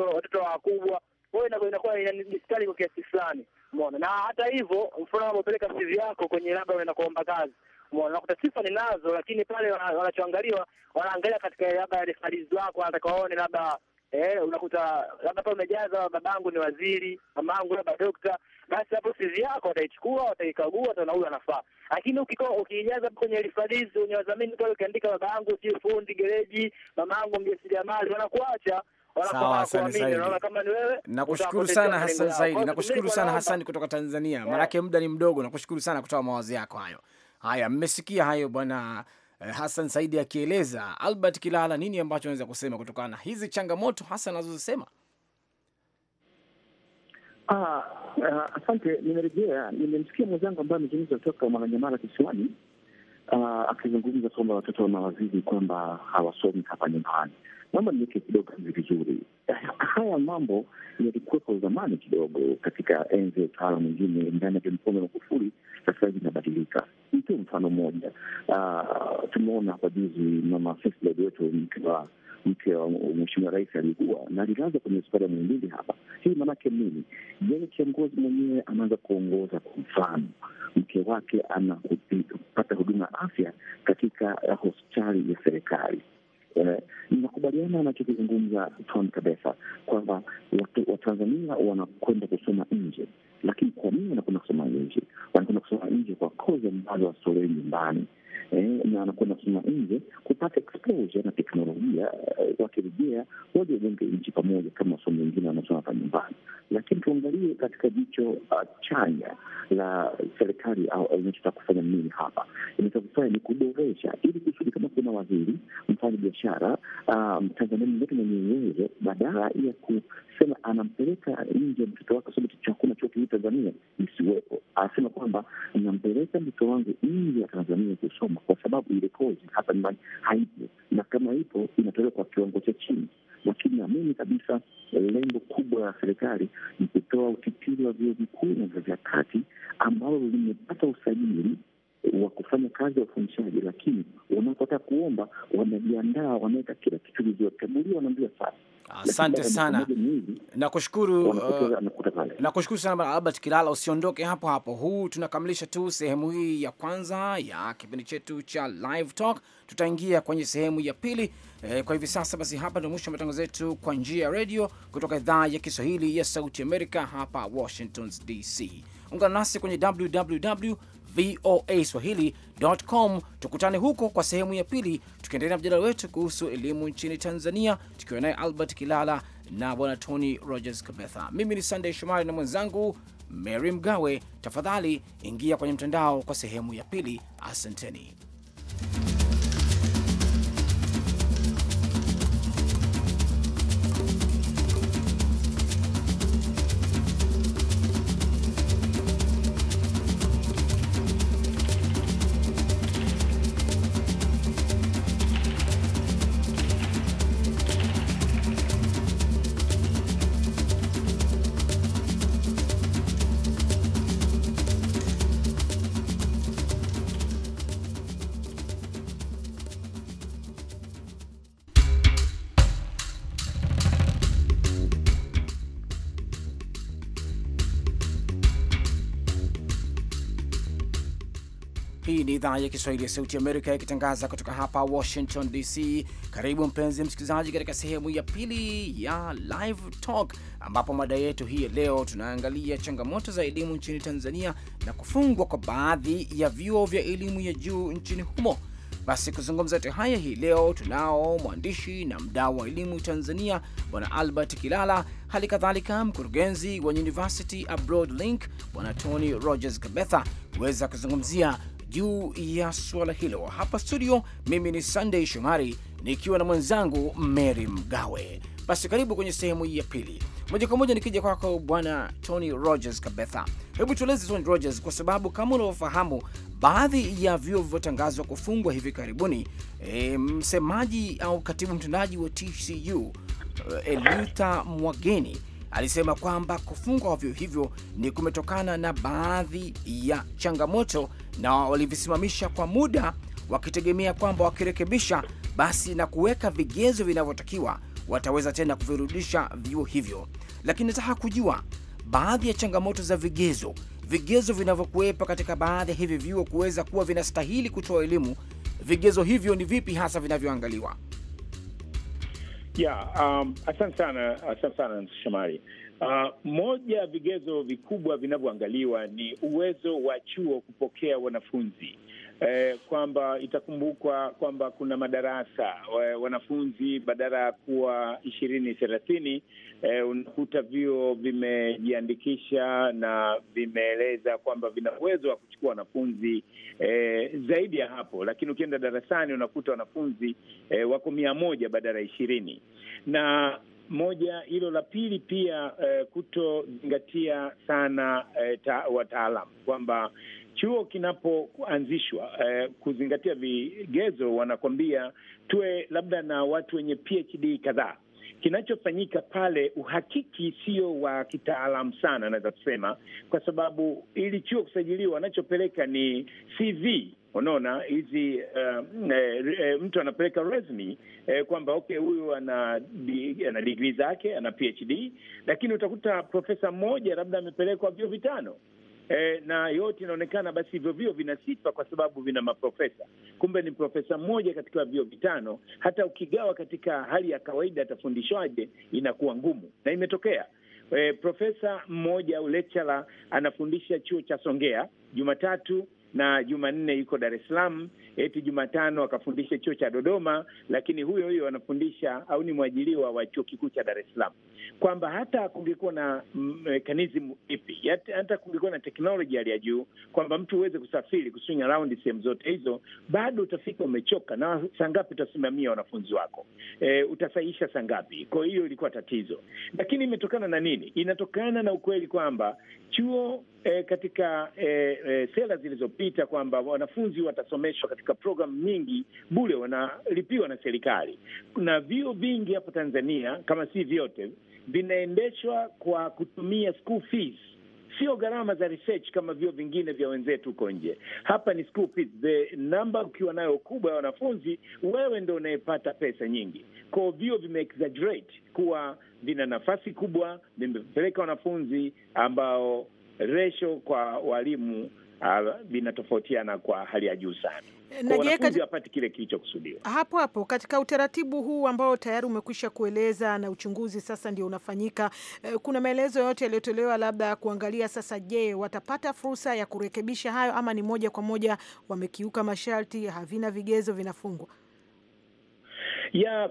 watoto wakubwa hiyo inakuwa inanidiskali kwa kiasi fulani, umeona. Na hata hivyo, mfano unapopeleka CV yako kwenye labda unaenda kuomba kazi, umeona, nakuta sifa ninazo, lakini pale wanachoangaliwa wanaangalia katika labda referees wako, wanataka waone labda Eh, unakuta labda pale umejaza babangu ni waziri, mamangu labda dokta, basi hapo CV yako wataichukua, wataikagua, wataona huyu anafaa. Lakini ukiko ukijaza kwenye referees, kwenye wadhamini pale, ukiandika babangu si fundi gereji, mamangu mjasiriamali, wanakuacha Sawa, asante zaidi. Nakushukuru sana Hassan Saidi, nakushukuru sana Hassan kutoka Tanzania, eh. maanake muda ni mdogo. Nakushukuru sana kutoa mawazo yako hayo. Haya, mmesikia hayo bwana eh, Hassan Saidi akieleza. Albert Kilala, nini ambacho anaweza kusema kutokana na hizi changamoto hasa anazozisema? Ah, eh, asante. Nimerejea, nimemsikia mwenzangu ambaye amezungumza kutoka Mwananyamala Kisiwani, ah, akizungumza kwamba watoto wanawazidi kwamba hawasomi hapa nyumbani naomba niweke kidogo hivi vizuri. Haya mambo yalikuwepo zamani kidogo, katika enzi ya utawala mwingine ndani ya John Pombe Magufuli. Sasa hivi inabadilika. Mtu mfano mmoja, ah, tumeona kwa juzi mama Sisla wetu mkewa mke wa mheshimiwa rais alikuwa na alilaza kwenye hospitali ya Muhimbili hapa. Hii maanake nini? Yeye kiongozi mwenyewe anaanza kuongoza. Kwa mfano, mke wake anapata huduma ya afya katika eh, hospitali ya serikali Eh, nakubaliana anachokizungumza Tom kabisa kwamba Watanzania wanakwenda kusoma nje, lakini kwa nini wanakwenda kusoma nje? Wanakwenda kusoma nje kwa kozi ambazo wasolewe nyumbani. Eh, na wanakwenda kusoma nje kupata exposure na teknolojia. Eh, wakirejea waje wajenge nchi pamoja kama wasomi wengine wanasoma hapa nyumbani. Lakini tuangalie katika jicho uh, chanya la serikali au inachotaka kufanya nini hapa. Inachokifanya ni kuboresha, ili kusudi kama kuna waziri mfanya biashara ah, Mtanzania um, mwingine mwenye uwezo, badala ya kusema anampeleka nje mtoto wake sababu chakula chote hii Tanzania isiwepo, anasema kwamba nampeleka mtoto wangu nje ya Tanzania kusoma, kwa sababu ile kozi hapa nyumbani haipo, na kama ipo inatolewa kwa kiwango cha chini. Lakini naamini kabisa eh, lengo kubwa la serikali ni kutoa utitiri wa vyuo vikuu na vyuo vya kati ambalo limepata usajili wa kufanya kazi ya ufundishaji, lakini wanapotaka kuomba wamejiandaa, wameweka kila kitu vizuri, kagulia, wanaambia sana. Asante sana, nakushukuru uh, nakushukuru sana Bwana Albert Kilala. Usiondoke hapo hapo, huu tunakamilisha tu sehemu hii ya kwanza ya kipindi chetu cha Live Talk. Tutaingia kwenye sehemu ya pili eh. Kwa hivi sasa basi, hapa ndio mwisho wa matangazo yetu kwa njia ya redio kutoka idhaa ya Kiswahili ya Sauti Amerika hapa Washington DC. Ungana nasi kwenye www voa swahili.com. Tukutane huko kwa sehemu ya pili, tukiendelea na mjadala wetu kuhusu elimu nchini Tanzania, tukiwa naye Albert Kilala na bwana Tony Rogers Kabetha. Mimi ni Sandey Shomari na mwenzangu Mary Mgawe. Tafadhali ingia kwenye mtandao kwa sehemu ya pili. Asanteni. Hii ni idhaa ya Kiswahili ya Sauti Amerika ikitangaza kutoka hapa Washington DC. Karibu mpenzi msikilizaji, katika sehemu ya pili ya Live Talk ambapo mada yetu hii leo tunaangalia changamoto za elimu nchini Tanzania na kufungwa kwa baadhi ya vyuo vya elimu ya juu nchini humo. Basi kuzungumza yote haya hii leo tunao mwandishi na mdau wa elimu Tanzania, Bwana Albert Kilala, hali kadhalika mkurugenzi wa University Abroad Link Bwana Tony Rogers Gabetha kuweza kuzungumzia juu ya suala hilo. Hapa studio, mimi ni Sunday Shomari nikiwa na mwenzangu Mary Mgawe. Basi karibu kwenye sehemu hii ya pili. Moja kwa moja nikija kwako bwana Tony Rogers Kabetha, hebu tueleze Tony Rogers, kwa sababu kama unavyofahamu baadhi ya vyuo vilivyotangazwa kufungwa hivi karibuni, e, msemaji au katibu mtendaji wa TCU e, Mwageni alisema kwamba kufungwa kwa vyuo hivyo ni kumetokana na baadhi ya changamoto na walivisimamisha kwa muda wakitegemea kwamba wakirekebisha basi na kuweka vigezo vinavyotakiwa wataweza tena kuvirudisha vyuo hivyo. Lakini nataka kujua baadhi ya changamoto za vigezo, vigezo vinavyokuwepo katika baadhi ya hivi vyuo kuweza kuwa vinastahili kutoa elimu. Vigezo hivyo ni vipi hasa vinavyoangaliwa? Yeah, um, asante sana, asante sana Shomari. Uh, moja ya vigezo vikubwa vinavyoangaliwa ni uwezo wa chuo kupokea wanafunzi eh, kwamba itakumbukwa kwamba kuna madarasa eh, wanafunzi badala ya kuwa ishirini thelathini eh, unakuta vyuo vimejiandikisha na vimeeleza kwamba vina uwezo wa kuchukua wanafunzi eh, zaidi ya hapo, lakini ukienda darasani unakuta wanafunzi eh, wako mia moja badala ya ishirini na moja hilo. La pili pia eh, kutozingatia sana eh, ta, wataalamu kwamba chuo kinapoanzishwa eh, kuzingatia vigezo, wanakwambia tuwe labda na watu wenye PhD kadhaa kinachofanyika pale, uhakiki sio wa kitaalamu sana, anaweza kusema, kwa sababu ili chuo kusajiliwa, wanachopeleka ni CV Unaona hizi uh, e, e, mtu anapeleka resmi e, eh, kwamba okay, huyu ana digri ana digrii zake ana PhD, lakini utakuta profesa mmoja labda amepelekwa vyuo vitano e, na yote inaonekana basi hivyo vio vina sifa kwa sababu vina maprofesa. Kumbe ni profesa mmoja katika vio vitano. Hata ukigawa katika hali ya kawaida, atafundishwaje? Inakuwa ngumu, na imetokea e, profesa mmoja au lecturer anafundisha chuo cha Songea Jumatatu na Jumanne yuko Dar es Salaam, eti Jumatano akafundisha chuo cha Dodoma, lakini huyo huyo anafundisha au ni mwajiliwa wa chuo kikuu cha Dar es Salaam kwamba hata kungekuwa na mekanizmu ipi, hata kungekuwa na teknoloji hali ya juu, kwamba mtu uweze kusafiri kuswing around sehemu zote hizo, bado utafika umechoka, na sangapi utasimamia wanafunzi wako e, utasahihisha sangapi? Kwa hiyo ilikuwa tatizo, lakini imetokana na nini? Inatokana na ukweli kwamba chuo e, katika e, e, sera zilizopita kwamba wanafunzi watasomeshwa katika programu nyingi bule wanalipiwa na serikali, na vio vingi hapa Tanzania kama si vyote vinaendeshwa kwa kutumia school fees, sio gharama za research kama vyuo vingine vya wenzetu huko nje. Hapa ni school fees, the number ukiwa nayo kubwa ya wanafunzi, wewe ndo unayepata pesa nyingi. Kwao vyuo vimeexaggerate kuwa vina nafasi kubwa, vimepeleka wanafunzi ambao ratio kwa walimu uh, ah, vinatofautiana kwa hali ya juu sana. Eh, wanafunzi kile kilichokusudiwa. Hapo hapo katika utaratibu huu ambao tayari umekwisha kueleza na uchunguzi sasa ndio unafanyika, eh, kuna maelezo yote yaliyotolewa labda kuangalia sasa, je, watapata fursa ya kurekebisha hayo ama ni moja kwa moja wamekiuka masharti, havina vigezo, vinafungwa? Ya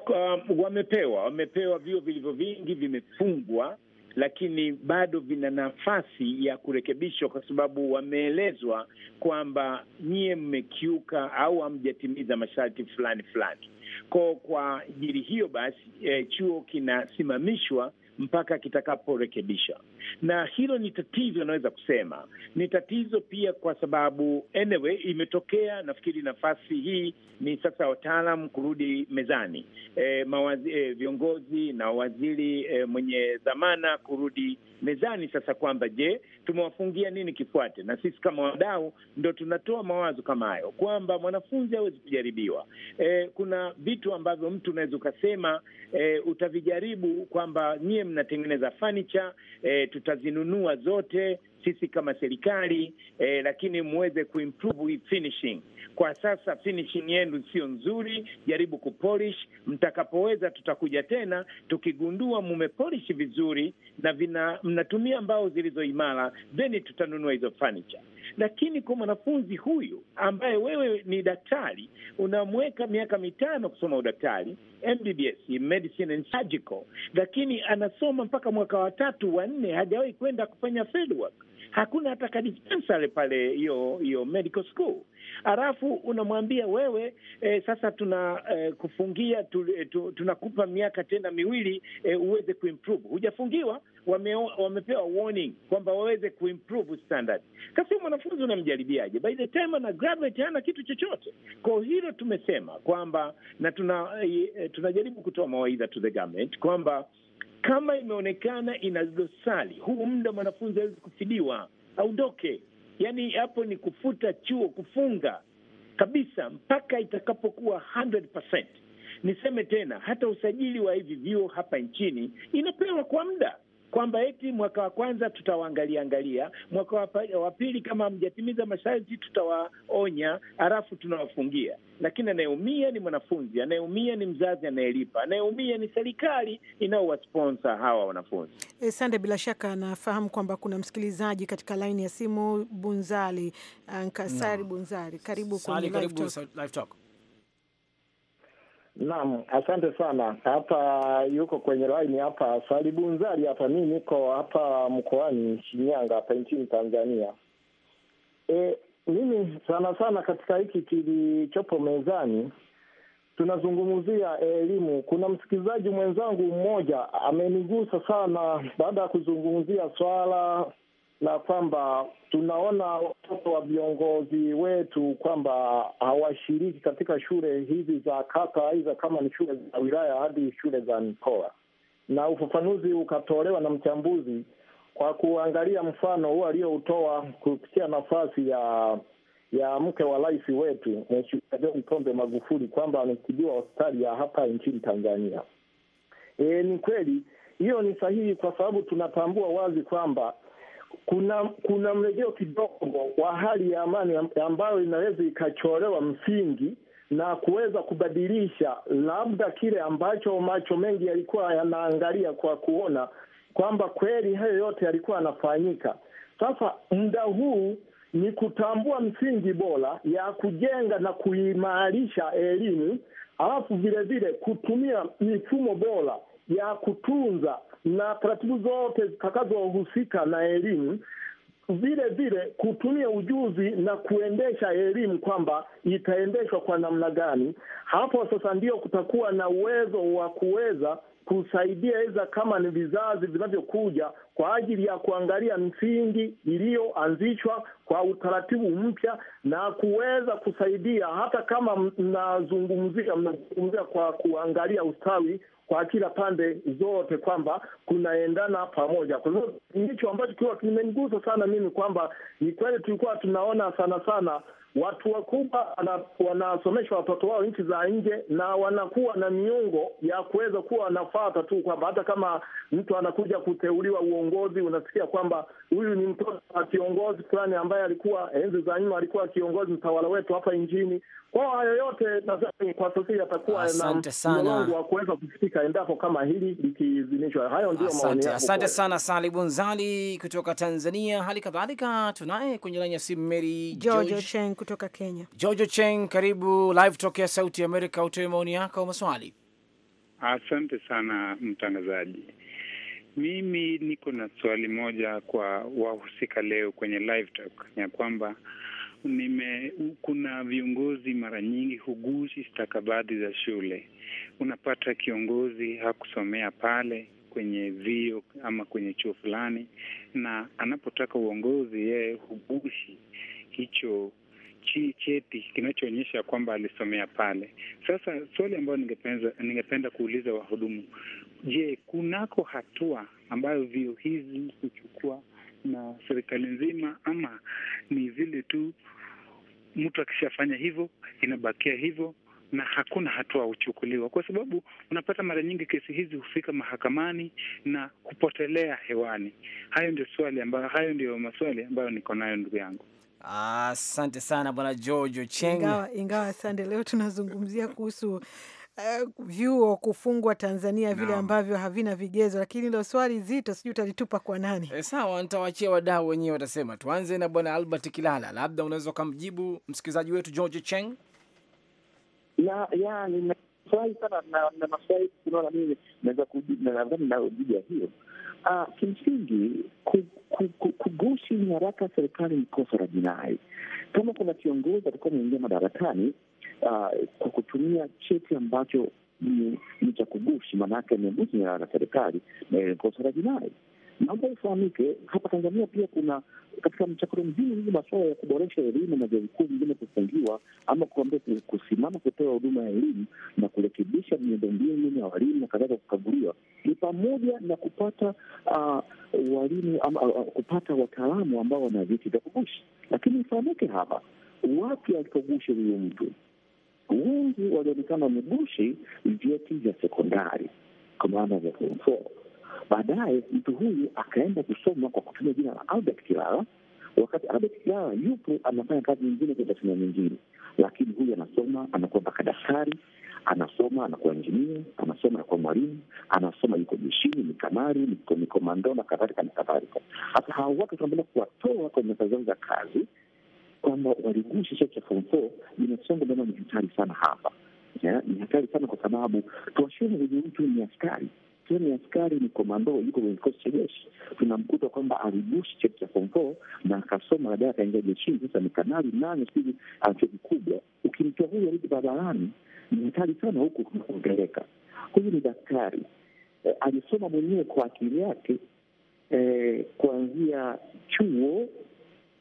um, wamepewa wamepewa, vyuo vilivyo vingi vimefungwa lakini bado vina nafasi ya kurekebishwa, kwa sababu wameelezwa kwamba nyie mmekiuka au hamjatimiza masharti fulani fulani. Kwa kwa ajili hiyo basi, eh, chuo kinasimamishwa mpaka kitakaporekebisha, na hilo ni tatizo, anaweza kusema ni tatizo pia, kwa sababu anyway imetokea. Nafikiri nafasi hii ni sasa wataalam kurudi mezani, e, mawazi, e, viongozi na waziri e, mwenye dhamana kurudi mezani sasa, kwamba je, tumewafungia nini kifuate, na sisi kama wadau ndo tunatoa mawazo kama hayo kwamba mwanafunzi hawezi kujaribiwa. E, kuna vitu ambavyo mtu unaweza ukasema e, utavijaribu kwamba nyie mnatengeneza fanicha e, eh, tutazinunua zote sisi kama serikali eh, lakini muweze kuimprove hii finishing. Kwa sasa finishing yenu sio nzuri, jaribu kupolish. Mtakapoweza tutakuja tena, tukigundua mumepolish vizuri na vina, mnatumia mbao zilizo imara, then tutanunua hizo furniture. Lakini kwa mwanafunzi huyu ambaye wewe ni daktari, unamweka miaka mitano kusoma udaktari MBBS, medicine and surgical, lakini anasoma mpaka mwaka wa tatu wa nne, hajawahi kwenda kufanya fieldwork hakuna hata ka dispensary pale hiyo hiyo medical school. Alafu unamwambia wewe e, sasa tuna e, kufungia tu, e, tu, tunakupa miaka tena miwili e, uweze kuimprove. Hujafungiwa, wame, wamepewa warning kwamba waweze kuimprove standard. Sasa mwanafunzi unamjaribiaje? By the time ana graduate hana kitu chochote. Kwa hilo tumesema kwamba na tuna e, tunajaribu kutoa mawaidha to the government kwamba kama imeonekana ina dosari, huu muda mwanafunzi hawezi kufidiwa, aondoke. Yaani hapo ni kufuta chuo, kufunga kabisa mpaka itakapokuwa 100%. Niseme tena, hata usajili wa hivi vyuo hapa nchini inapewa kwa muda kwamba eti mwaka wa kwanza tutawaangalia angalia, mwaka wa pili kama hamjatimiza masharti tutawaonya, halafu tunawafungia. Lakini anayeumia ni mwanafunzi, anayeumia ni mzazi anayelipa, anayeumia ni serikali inayowasponsa hawa wanafunzi. E, Sande, bila shaka anafahamu kwamba kuna msikilizaji katika laini ya simu Bunzali eh, Nkasari. No. Bunzali, karibu kwenye Live Talk. Naam, asante sana. Hapa yuko kwenye laini hapa salibunzari hapa mi niko hapa mkoani Shinyanga hapa nchini Tanzania. E, mimi sana sana katika hiki kilichopo mezani tunazungumzia elimu. Kuna msikilizaji mwenzangu mmoja amenigusa sana baada ya kuzungumzia swala na kwamba tunaona watoto wa viongozi wetu kwamba hawashiriki katika shule hizi za kata, aidha kama ni shule za wilaya hadi shule za mikoa, na ufafanuzi ukatolewa na mchambuzi kwa kuangalia mfano huo aliyoutoa kupitia nafasi ya ya mke wa rais wetu Mheshimiwa John Pombe Magufuli kwamba ametibiwa hospitali ya hapa nchini Tanzania. E, ni kweli hiyo ni sahihi, kwa sababu tunatambua wazi kwamba kuna kuna mrejeo kidogo wa hali ya amani ambayo inaweza ikachorewa msingi na kuweza kubadilisha labda kile ambacho macho mengi yalikuwa yanaangalia kwa kuona kwamba kweli hayo yote yalikuwa yanafanyika. Sasa muda huu ni kutambua msingi bora ya kujenga na kuimarisha elimu, alafu vilevile kutumia mifumo bora ya kutunza na taratibu zote zitakazohusika na elimu vile vile kutumia ujuzi na kuendesha elimu kwamba itaendeshwa kwa namna gani. Hapo sasa ndio kutakuwa na uwezo wa kuweza kusaidia iza kama ni vizazi vinavyokuja kwa ajili ya kuangalia msingi iliyoanzishwa kwa utaratibu mpya na kuweza kusaidia, hata kama mnazungumzia mnazungumzia kwa kuangalia ustawi kwa kila pande zote kwamba kunaendana pamoja. Kwa hivyo ndicho ambacho kiwa kimenigusa sana mimi kwamba ni kweli tulikuwa tunaona sana sana watu wakubwa wanasomesha watoto wao nchi za nje, na wanakuwa na miungo ya kuweza kuwa wanafata tu, kwamba hata kama mtu anakuja kuteuliwa uongozi, unasikia kwamba huyu ni mtoto wa kiongozi fulani ambaye alikuwa enzi za nyuma alikuwa kiongozi mtawala wetu hapa nchini. Kwa hayo yote, nadhani kwa sasa yatakuwa na mlongo wa kuweza kufikika endapo kama hili likiidhinishwa. Hayo ndio maoni yangu. Asante sana Sali Bunzali kutoka Tanzania. Hali kadhalika tunaye kwenye laini ya simu Mary Jojo Cheng kutoka Kenya. Jojo Cheng, karibu live talk ya Sauti ya Amerika, utoe maoni yako au maswali. Asante sana mtangazaji. Mimi niko na swali moja kwa wahusika leo kwenye live talk ya kwamba nime kuna viongozi mara nyingi hugushi stakabadhi za shule. Unapata kiongozi hakusomea pale kwenye vio ama kwenye chuo fulani, na anapotaka uongozi yeye hugushi hicho cheti kinachoonyesha kwamba alisomea pale. Sasa swali ambayo ningependa ningependa kuuliza wahudumu, Je, kunako hatua ambayo vio hizi huchukua na serikali nzima, ama ni vile tu mtu akishafanya hivyo inabakia hivyo na hakuna hatua huchukuliwa? Kwa sababu unapata mara nyingi kesi hizi hufika mahakamani na kupotelea hewani. Hayo ndio swali ambayo, hayo ndio maswali ambayo niko nayo ndugu yangu. Asante ah, sana bwana George Ocheng. Ingawa, ingawa leo tunazungumzia kuhusu Eh, vyuo kufungwa Tanzania vile no. ambavyo havina vigezo, lakini ndo swali zito, sijui utalitupa kwa nani? E, sawa, nitawachia wadau wenyewe watasema. Tuanze na bwana Albert Kilala, labda unaweza ukamjibu msikilizaji wetu George Cheng. Nimefurahi sana na maswali, mimi naweza kujibu, nadhani hiyo Uh, kimsingi kugushi ku, ku, nyaraka serikali ni kosa la jinai. Kama kuna kiongozi atakuwa ameingia madarakani uh, kwa kutumia cheti ambacho ni cha kugushi, maanake amegushi nyaraka serikali na kosa la jinai. Naomba ifahamike hapa Tanzania pia kuna katika mchakato mzima hizi masuala ya kuboresha elimu na vyuo vikuu vingine kufungiwa ama kuambia kusimama kutoa huduma ya elimu na kurekebisha miundombinu ya walimu na kadhalika kukaguliwa, ni pamoja na kupata uh, walimu ama uh, kupata wataalamu ambao wana vyeti vya kugushi. Lakini ifahamike hapa, wapi alipogushi huyu mtu? Wengi walionekana wamegushi vyeti vya sekondari kwa maana vya form four Baadaye mtu huyu akaenda kusoma kwa kutumia jina la Albert Kilala, wakati Albert Kilala yupo anafanya kazi nyingine kwa tasnia nyingine, lakini huyu anasoma anakuwa mpaka daktari, anasoma anakuwa injinia, anasoma anakuwa mwalimu, anasoma yuko jeshini, ni kamari, niko mikomando na kadhalika na kadhalika. Hata hawa watu tunaendelea kuwatoa kwenye meza zao za kazi kwamba waligushi cheo cha form four. Jinasongo ni hatari sana hapa, ni hatari sana kwa sababu tuwashumu huyu mtu ni askari sehemu ya askari ni komando, yuko kwenye kikosi cha jeshi, tunamkuta kwamba alibushi cheti cha form four na akasoma, baadaye akaingia jeshini, sasa ni kanali nane, sijui ana kikubwa. Ukimtoa huyu arudi barabarani ni hatari sana, huku kumpeleka. Huyu ni daktari e, alisoma mwenyewe kwa akili yake e, kuanzia chuo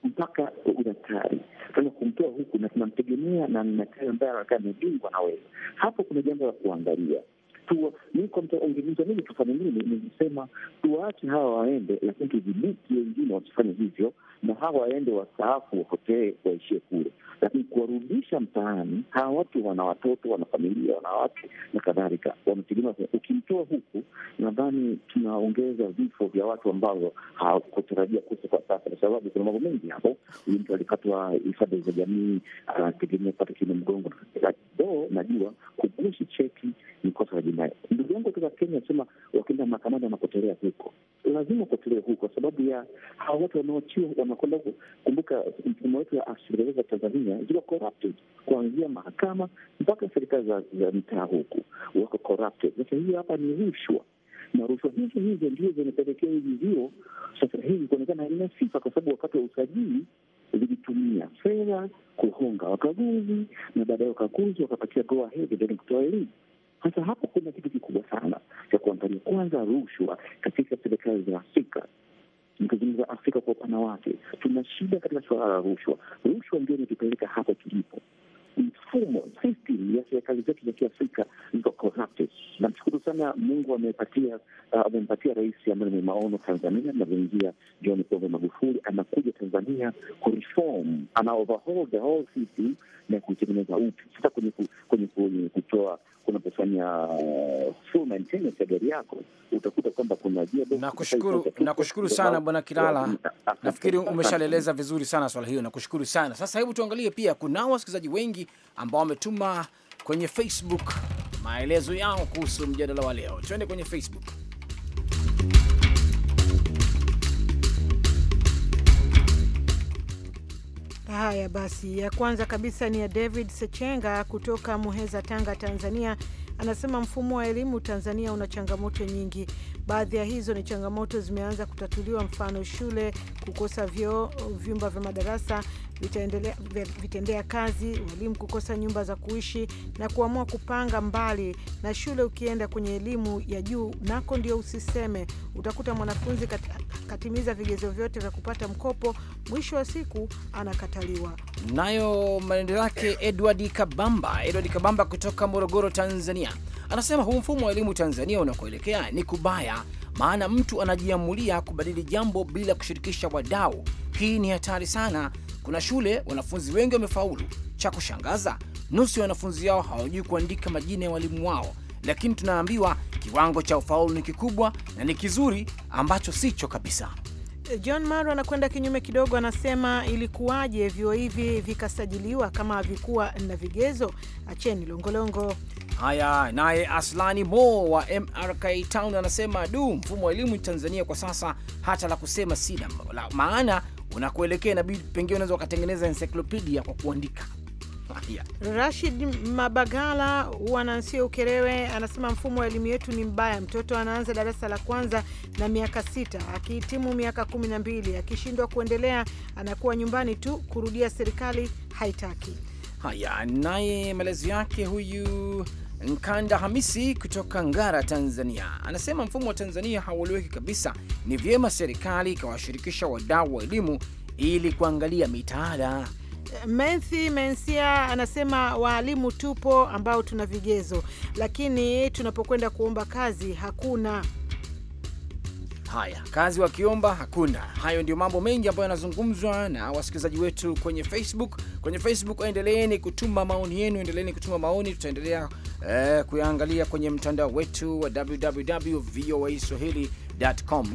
mpaka udaktari. Sasa kumtoa huku na tunamtegemea na nakai ambaye anakaa amebingwa, naweza hapo kuna jambo la kuangalia tu niko mtu ungeuliza mimi tufanye nini, nilisema tuwaache hawa waende, lakini tudhibiti wengine wasifanye hivyo, na hawa waende wastaafu, wapotee, waishie kule, lakini kuwarudisha mtaani. Hawa watu wana watoto, wana familia, wana wanawake na kadhalika, wanategemea. Ukimtoa huku, nadhani tunaongeza vifo vya watu ambavyo hawakutarajia kufa kwa sasa, kwa sababu kuna mambo mengi hapo. Huyu mtu alikatwa hifadhi za jamii, anategemea kupata kino mgongo, oh, najua kugushi cheki ni kosa la jamii. Kenya. Ndugu yangu kutoka Kenya asema wakienda mahakamani wanapotelea huko, lazima wapotelee huko kwa sababu ya hawa watu wanaochiwa wanakwenda. Kumbuka mfumo wetu wa Uingereza, Tanzania ziwa corrupted, kuanzia mahakama mpaka serikali za mtaa huku wako corrupted. Sasa hiyo hapa ni rushwa na rushwa hizo hizo ndio zinapelekea hivi vio sasa hivi kuonekana ina sifa, kwa sababu wakati wa usajili zilitumia fedha kuhonga wakaguzi na baadaye wakaguzi wakapatia go ahead kutoa elimu. Sasa hapo kuna kitu kikubwa sana cha kuangalia kwanza rushwa katika serikali za Afrika. Nikizungumza Afrika kwa upana wake, tuna shida katika suala la rushwa. Rushwa ndio inatupeleka hapo tulipo. Mfumo system ya serikali zetu za Kiafrika ziko corrupted. Namshukuru sana Mungu amepatia uh, amempatia rais ambaye ni maono Tanzania, navyoingia John Pombe Magufuli anakuja Tanzania ku reform, ana overhaul the whole system na kuitengeneza upya. Sasa kwenye kutoa kunapofanya uh, full maintenance ya gari yako utakuta kwamba kuna gearbox. Nakushukuru, nakushukuru sana Bwana Kilala, nafikiri umeshaleleza vizuri sana swala hiyo, nakushukuru sana. Sasa hebu tuangalie pia, kunao wasikilizaji wengi ambao wametuma kwenye Facebook maelezo yao kuhusu mjadala wa leo. Tuende kwenye Facebook. Haya basi, ya kwanza kabisa ni ya David Sechenga kutoka Muheza, Tanga, Tanzania anasema mfumo wa elimu Tanzania una changamoto nyingi. Baadhi ya hizo ni changamoto zimeanza kutatuliwa, mfano shule kukosa vyoo, vyumba vya madarasa vitaendelea vitendea kazi, walimu kukosa nyumba za kuishi na kuamua kupanga mbali na shule. Ukienda kwenye elimu ya juu nako ndio usiseme, utakuta mwanafunzi kat, katimiza vigezo vyote vya kupata mkopo, mwisho wa siku anakataliwa. Nayo maneno yake Edward Kabamba, Edward Kabamba kutoka Morogoro, Tanzania. Tanzania. Anasema huu mfumo wa elimu Tanzania unakoelekea ni kubaya, maana mtu anajiamulia kubadili jambo bila kushirikisha wadau. Hii ni hatari sana. Kuna shule wanafunzi wengi wamefaulu. Cha kushangaza, nusu ya wanafunzi yao hawajui kuandika majina ya walimu wao, lakini tunaambiwa kiwango cha ufaulu ni kikubwa na ni kizuri ambacho sicho kabisa. John Maro anakwenda kinyume kidogo, anasema ilikuwaje vyuo hivi vikasajiliwa kama havikuwa na vigezo? Acheni longolongo. Haya, naye Aslani Mo wa MRK Town anasema du, mfumo wa elimu Tanzania kwa sasa hata la kusema sina la maana, unakuelekea inabidi pengine unaweza ukatengeneza encyclopedia kwa kuandika. Haya. Rashid Mabagala wanansio Ukerewe anasema mfumo wa elimu yetu ni mbaya. Mtoto anaanza darasa la kwanza na miaka sita, akihitimu miaka kumi na mbili, akishindwa kuendelea anakuwa nyumbani tu, kurudia serikali haitaki. Haya, naye malezi yake huyu Nkanda Hamisi kutoka Ngara, Tanzania, anasema mfumo wa Tanzania haueleweki kabisa. Ni vyema serikali ikawashirikisha wadau wa elimu ili kuangalia mitaala. Menthi Mensia anasema waalimu tupo ambao tuna vigezo, lakini tunapokwenda kuomba kazi hakuna Haya, kazi wakiomba hakuna. Hayo ndio mambo mengi ambayo yanazungumzwa na wasikilizaji wetu kwenye Facebook. Kwenye Facebook endeleeni kutuma maoni yenu, endeleeni kutuma maoni, tutaendelea eh, kuyaangalia kwenye mtandao wetu wa www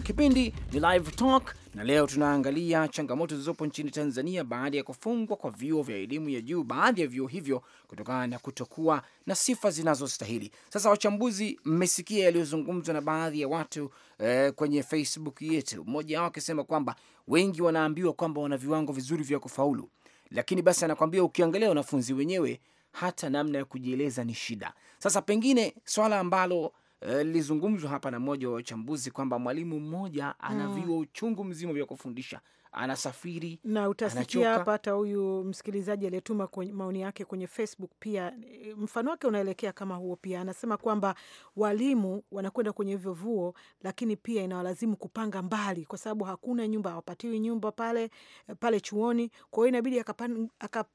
Kipindi ni Live Talk na leo tunaangalia changamoto zilizopo nchini Tanzania baada ya kufungwa kwa vyuo vya elimu ya juu, baadhi ya vyuo hivyo kutokana na kutokuwa na sifa zinazostahili. Sasa wachambuzi, mmesikia yaliyozungumzwa na baadhi ya watu eh, kwenye Facebook yetu, mmoja wao akisema kwamba wengi wanaambiwa kwamba wana viwango vizuri vya kufaulu, lakini basi anakwambia ukiangalia wanafunzi wenyewe hata namna ya kujieleza ni shida. Sasa pengine swala ambalo eh, lilizungumzwa eh, hapa na mmoja wa wachambuzi kwamba mwalimu mmoja anaviwa mm. uchungu mzima vya kufundisha anasafiri na utasikia hapa. Hata huyu msikilizaji aliyetuma maoni yake kwenye Facebook pia eh, mfano wake unaelekea kama huo. Pia anasema kwamba walimu wanakwenda kwenye hivyo vuo, lakini pia inawalazimu kupanga mbali, kwa sababu hakuna nyumba, hawapatiwi nyumba pale eh, pale chuoni. Kwa hiyo inabidi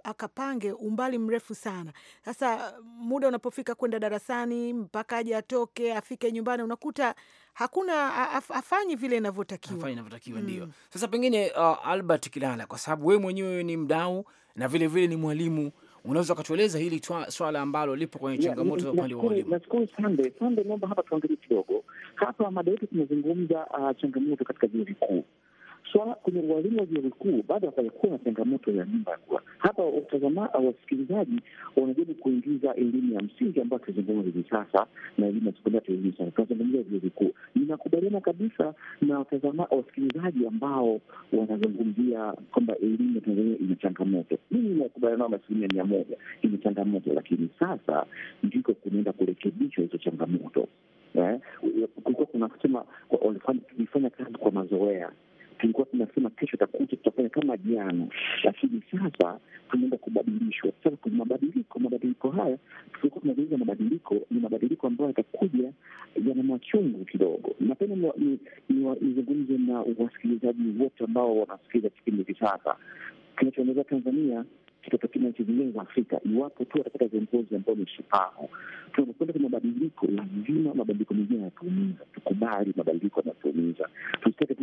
akapange umbali mrefu sana. Sasa eh, muda unapofika kwenda darasani, mpaka aje atoke afike nyumbani, unakuta hakuna afanyi vile inavyotakiwa, afanyi inavyotakiwa mm. Ndio sasa pengine uh, Albert Kilala, kwa sababu wewe mwenyewe ni mdau na vile vile ni mwalimu unaweza ukatueleza hili swala ambalo lipo kwenye changamoto za upande wa walimu. Nashukuru Sande Sande, naomba hapa tuangalie kidogo hapa mada yetu, tunazungumza uh, changamoto katika vyuo vikuu swala kwenye walimu wa vyuo vikuu bado hapajakuwa na changamoto ya nyumba nguo. Hapa watazama wasikilizaji wanajaribu kuingiza elimu ya msingi ambayo tunazungumza hivi sasa na elimu ya sekondari tuelimu sana, tunazungumzia vyuo vikuu. Ninakubaliana kabisa na watazama wasikilizaji ambao wanazungumzia kwamba elimu ya Tanzania ina changamoto. Mimi ninakubaliana nao asilimia mia moja ina changamoto, lakini sasa ndiko kunaenda kurekebishwa hizo changamoto. Eh, kulikuwa kunasema walifanya kazi kwa mazoea tulikuwa tunasema kesho takuja, tutafanya kama jana, lakini sasa tunaenda kubadilishwa. Sasa kuna mabadiliko, mabadiliko haya tulikuwa tunazungumza, mabadiliko ni mabadiliko ambayo yatakuja yana machungu kidogo. Napenda nizungumze na wasikilizaji wote ambao wanasikiliza kipindi hivi sasa. Kinachoendelea Tanzania kitatokea nchi zingine za Afrika iwapo tu watapata viongozi ambao ni shupavu. Tunapokwenda kwenye mabadiliko, lazima mabadiliko mengine yanatuumiza. Tukubali mabadiliko yanatuumiza, tusitake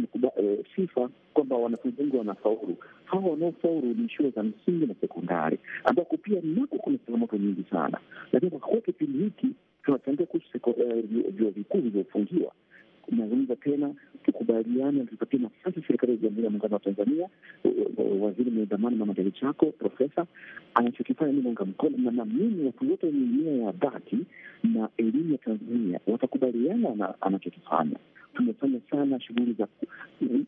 e, sifa kwamba wanafunzi wengi wanafaulu. Hawa wanaofaulu ni shule za msingi na sekondari, ambako pia nako kuna changamoto nyingi sana, lakini kwa kuwa kipindi hiki tunachangia kuhusu e, vyuo vikuu vilivyofungiwa kumezungumza tena, tukubaliane, tupatie nafasi serikali ya Jamhuri ya Muungano wa Tanzania. Waziri mwenye dhamana Mama Ndali Chako profesa anachokifanya ni naunga mkono, na mimi watu wote wenye nia ya dhati na elimu ya Tanzania watakubaliana anachokifanya. Tumefanya sana shughuli za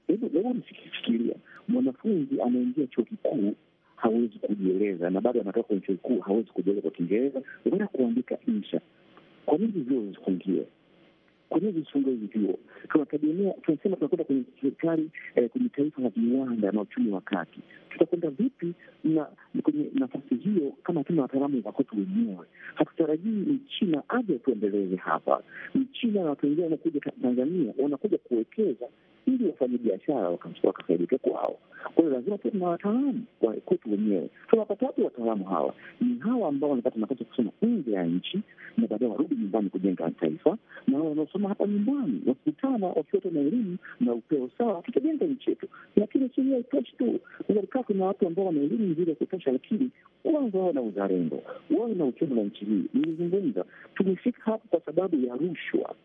hebu fikiria, mwanafunzi anaingia chuo kikuu hawezi kujieleza, na bado anatoka kwenye chuo kikuu hawezi kujieleza kwa Kiingereza wala kuandika insha. Kwa nini zio vifungie? kwenye vichungo hivi vyuo tunategemea, tunasema tunakwenda kwenye serikali eh, kwenye taifa la viwanda na uchumi wa kati. Tutakwenda vipi na kwenye nafasi hiyo kama hatuna wataalamu wa kwetu wenyewe? Hatutarajii Mchina aje tuendeleze hapa. Mchina na watu wengine wanakuja Tanzania wanakuja kuwekeza ili biashara wakafaidika kwao. Kwa hiyo lazima tuwe na wataalamu kwetu wenyewe. Tunapata wapi wataalamu hawa? Ni hawa ambao wanapata nafasi ya kusoma nje ya nchi na baadaye warudi nyumbani kujenga taifa, na wao wanaosoma hapa nyumbani wakikutana, wakiwete na elimu na upeo sawa, tutajenga nchi yetu. Lakini sheria haitoshi tu, alikaa kuna watu ambao wana elimu nzuri ya kutosha, lakini kwanza wawe na uzalendo, wawe na uchumi na nchi hii. Nilizungumza tumefika hapa kwa sababu ya rushwa.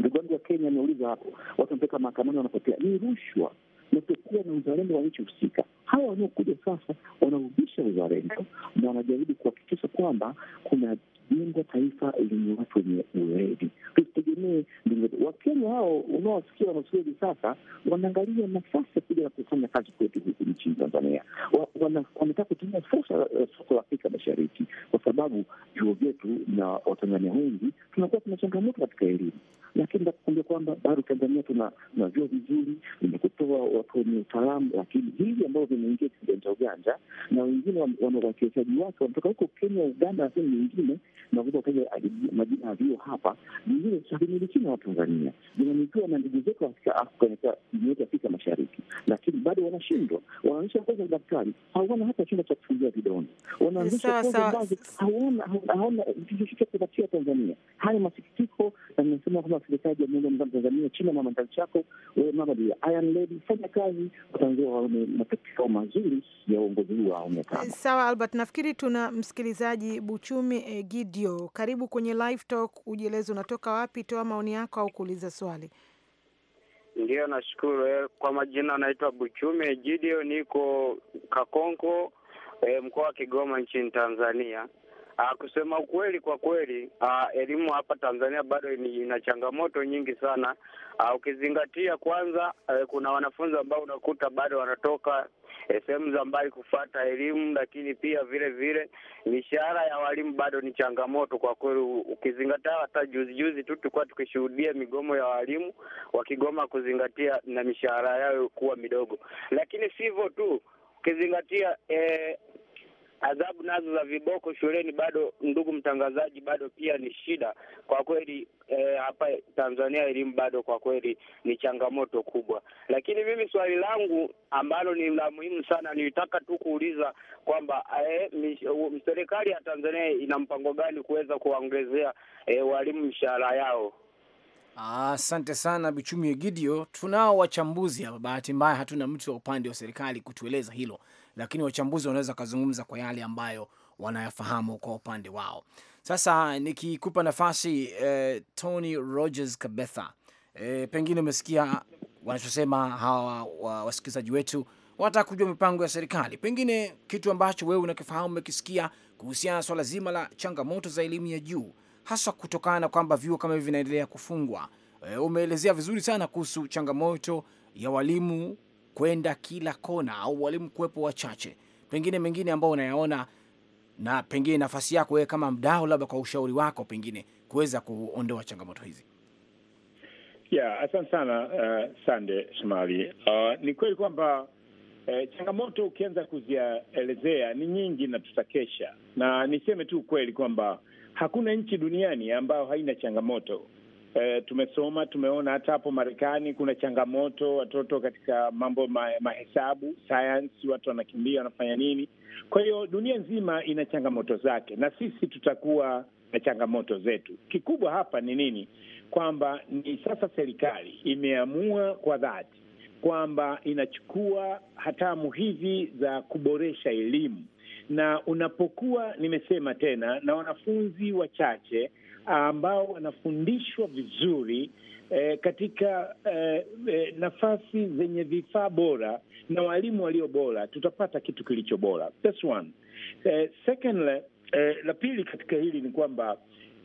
Ndugu wangu wa Kenya ameuliza hapo, watu wanapeleka mahakamani wanapotea, ni rushwa na kutokuwa na uzalendo wa nchi husika. Hawa wanaokuja sasa wanarudisha uzalendo na wanajaribu kuhakikisha kwamba kuna jenga taifa lenye watu wenye weledi. Tusitegemee Wakenya hao unaowasikia wanasukia hivi sasa, wanaangalia nafasi ya kuja na kufanya kazi kwetu huku nchini Tanzania. Wanataka kutumia fursa ya eh, soko la Afrika Mashariki, kwa sababu vyuo vyetu na Watanzania wengi tunakuwa tuna changamoto katika elimu, lakini nakukumbia kwamba bado Tanzania tuna vyuo vizuri vyenye kutoa watu wenye utaalamu, lakini hivi ambavyo vimeingia kijanja uganja na wengine wawekezaji wake wanatoka huko Kenya, Uganda na sehemu nyingine Naweza kutaja majina ya vyuo hapa, vingine havimilikiwi na Watanzania, vinamilikiwa na ndugu zetu katika nchi yetu Afrika Mashariki, lakini bado wanashindwa. Wanaonyesha ngozi daktari, hawana hata chumba cha kufungia vidonda, wanaonyesha ngozi ambazo hawana hawana kitu cha kupatia Tanzania. Haya masikitiko, na nimesema kwamba serikali ya Muungano wa Muungano wa Tanzania chini ya mama Ndalichako, wewe mama ndiye Iron Lady, fanya kazi, wataanzia waone matokeo mazuri ya uongozi huu wa awamu ya tano. Sawa Albert, nafikiri tuna msikilizaji Buchumi Egi eh, Kidio, karibu kwenye Live Talk. Ujieleze unatoka wapi, toa maoni yako au kuuliza swali. Ndiyo, nashukuru. Eh, kwa majina anaitwa Buchume jidio niko Kakonko, eh, mkoa wa Kigoma, nchini Tanzania. Aa, ah, kusema ukweli kwa kweli, aa, ah, elimu hapa Tanzania bado ina changamoto nyingi sana. Aa, ah, ukizingatia kwanza, eh, kuna wanafunzi ambao unakuta bado wanatoka eh, sehemu za mbali kufata elimu, lakini pia vile vile mishahara ya walimu bado ni changamoto kwa kweli, ukizingatia hata juzi juzi tu tulikuwa tukishuhudia migomo ya walimu wakigoma kuzingatia na mishahara yao kuwa midogo, lakini sivyo tu ukizingatia eh, adhabu nazo za viboko shuleni bado, ndugu mtangazaji, bado pia ni shida kwa kweli. E, hapa Tanzania elimu bado kwa kweli ni changamoto kubwa, lakini mimi swali langu ambalo ni la muhimu sana nilitaka tu kuuliza kwamba e, serikali ya Tanzania ina mpango gani kuweza kuwaongezea e, walimu mshahara yao? Ah, asante ah, sana Bichumi Gidio. Tunao wachambuzi hapa, bahati mbaya hatuna mtu wa upande wa serikali kutueleza hilo lakini wachambuzi wanaweza kazungumza kwa yale ambayo wanayafahamu kwa upande wao. Sasa nikikupa nafasi eh, Tony Rogers Kabetha, eh, pengine umesikia wanachosema hawa wasikilizaji wetu, wanataka kujua mipango ya serikali, pengine kitu ambacho wewe unakifahamu, umekisikia kuhusiana na swala zima la changamoto za elimu ya juu, haswa kutokana na kwamba vyuo kama hivi vinaendelea kufungwa. E, umeelezea vizuri sana kuhusu changamoto ya walimu kwenda kila kona, au walimu kuwepo wachache, pengine mengine ambao unayaona, na pengine nafasi yako wewe kama mdau, labda kwa ushauri wako, pengine kuweza kuondoa changamoto hizi? Yeah, asante sana uh, Sande Shomari. Uh, ni kweli kwamba eh, changamoto ukianza kuzielezea ni nyingi na tutakesha, na niseme tu ukweli kwamba hakuna nchi duniani ambayo haina changamoto E, tumesoma tumeona hata hapo Marekani kuna changamoto watoto katika mambo ma, mahesabu sayansi, watu wanakimbia wanafanya nini. Kwa hiyo dunia nzima ina changamoto zake na sisi tutakuwa na changamoto zetu. Kikubwa hapa ni nini? Kwamba ni sasa serikali imeamua kwa dhati kwamba inachukua hatamu hizi za kuboresha elimu, na unapokuwa nimesema tena na wanafunzi wachache ambao wanafundishwa vizuri eh, katika eh, eh, nafasi zenye vifaa bora na walimu walio bora, tutapata kitu kilicho bora. That's one. Eh, eh, la pili katika hili ni kwamba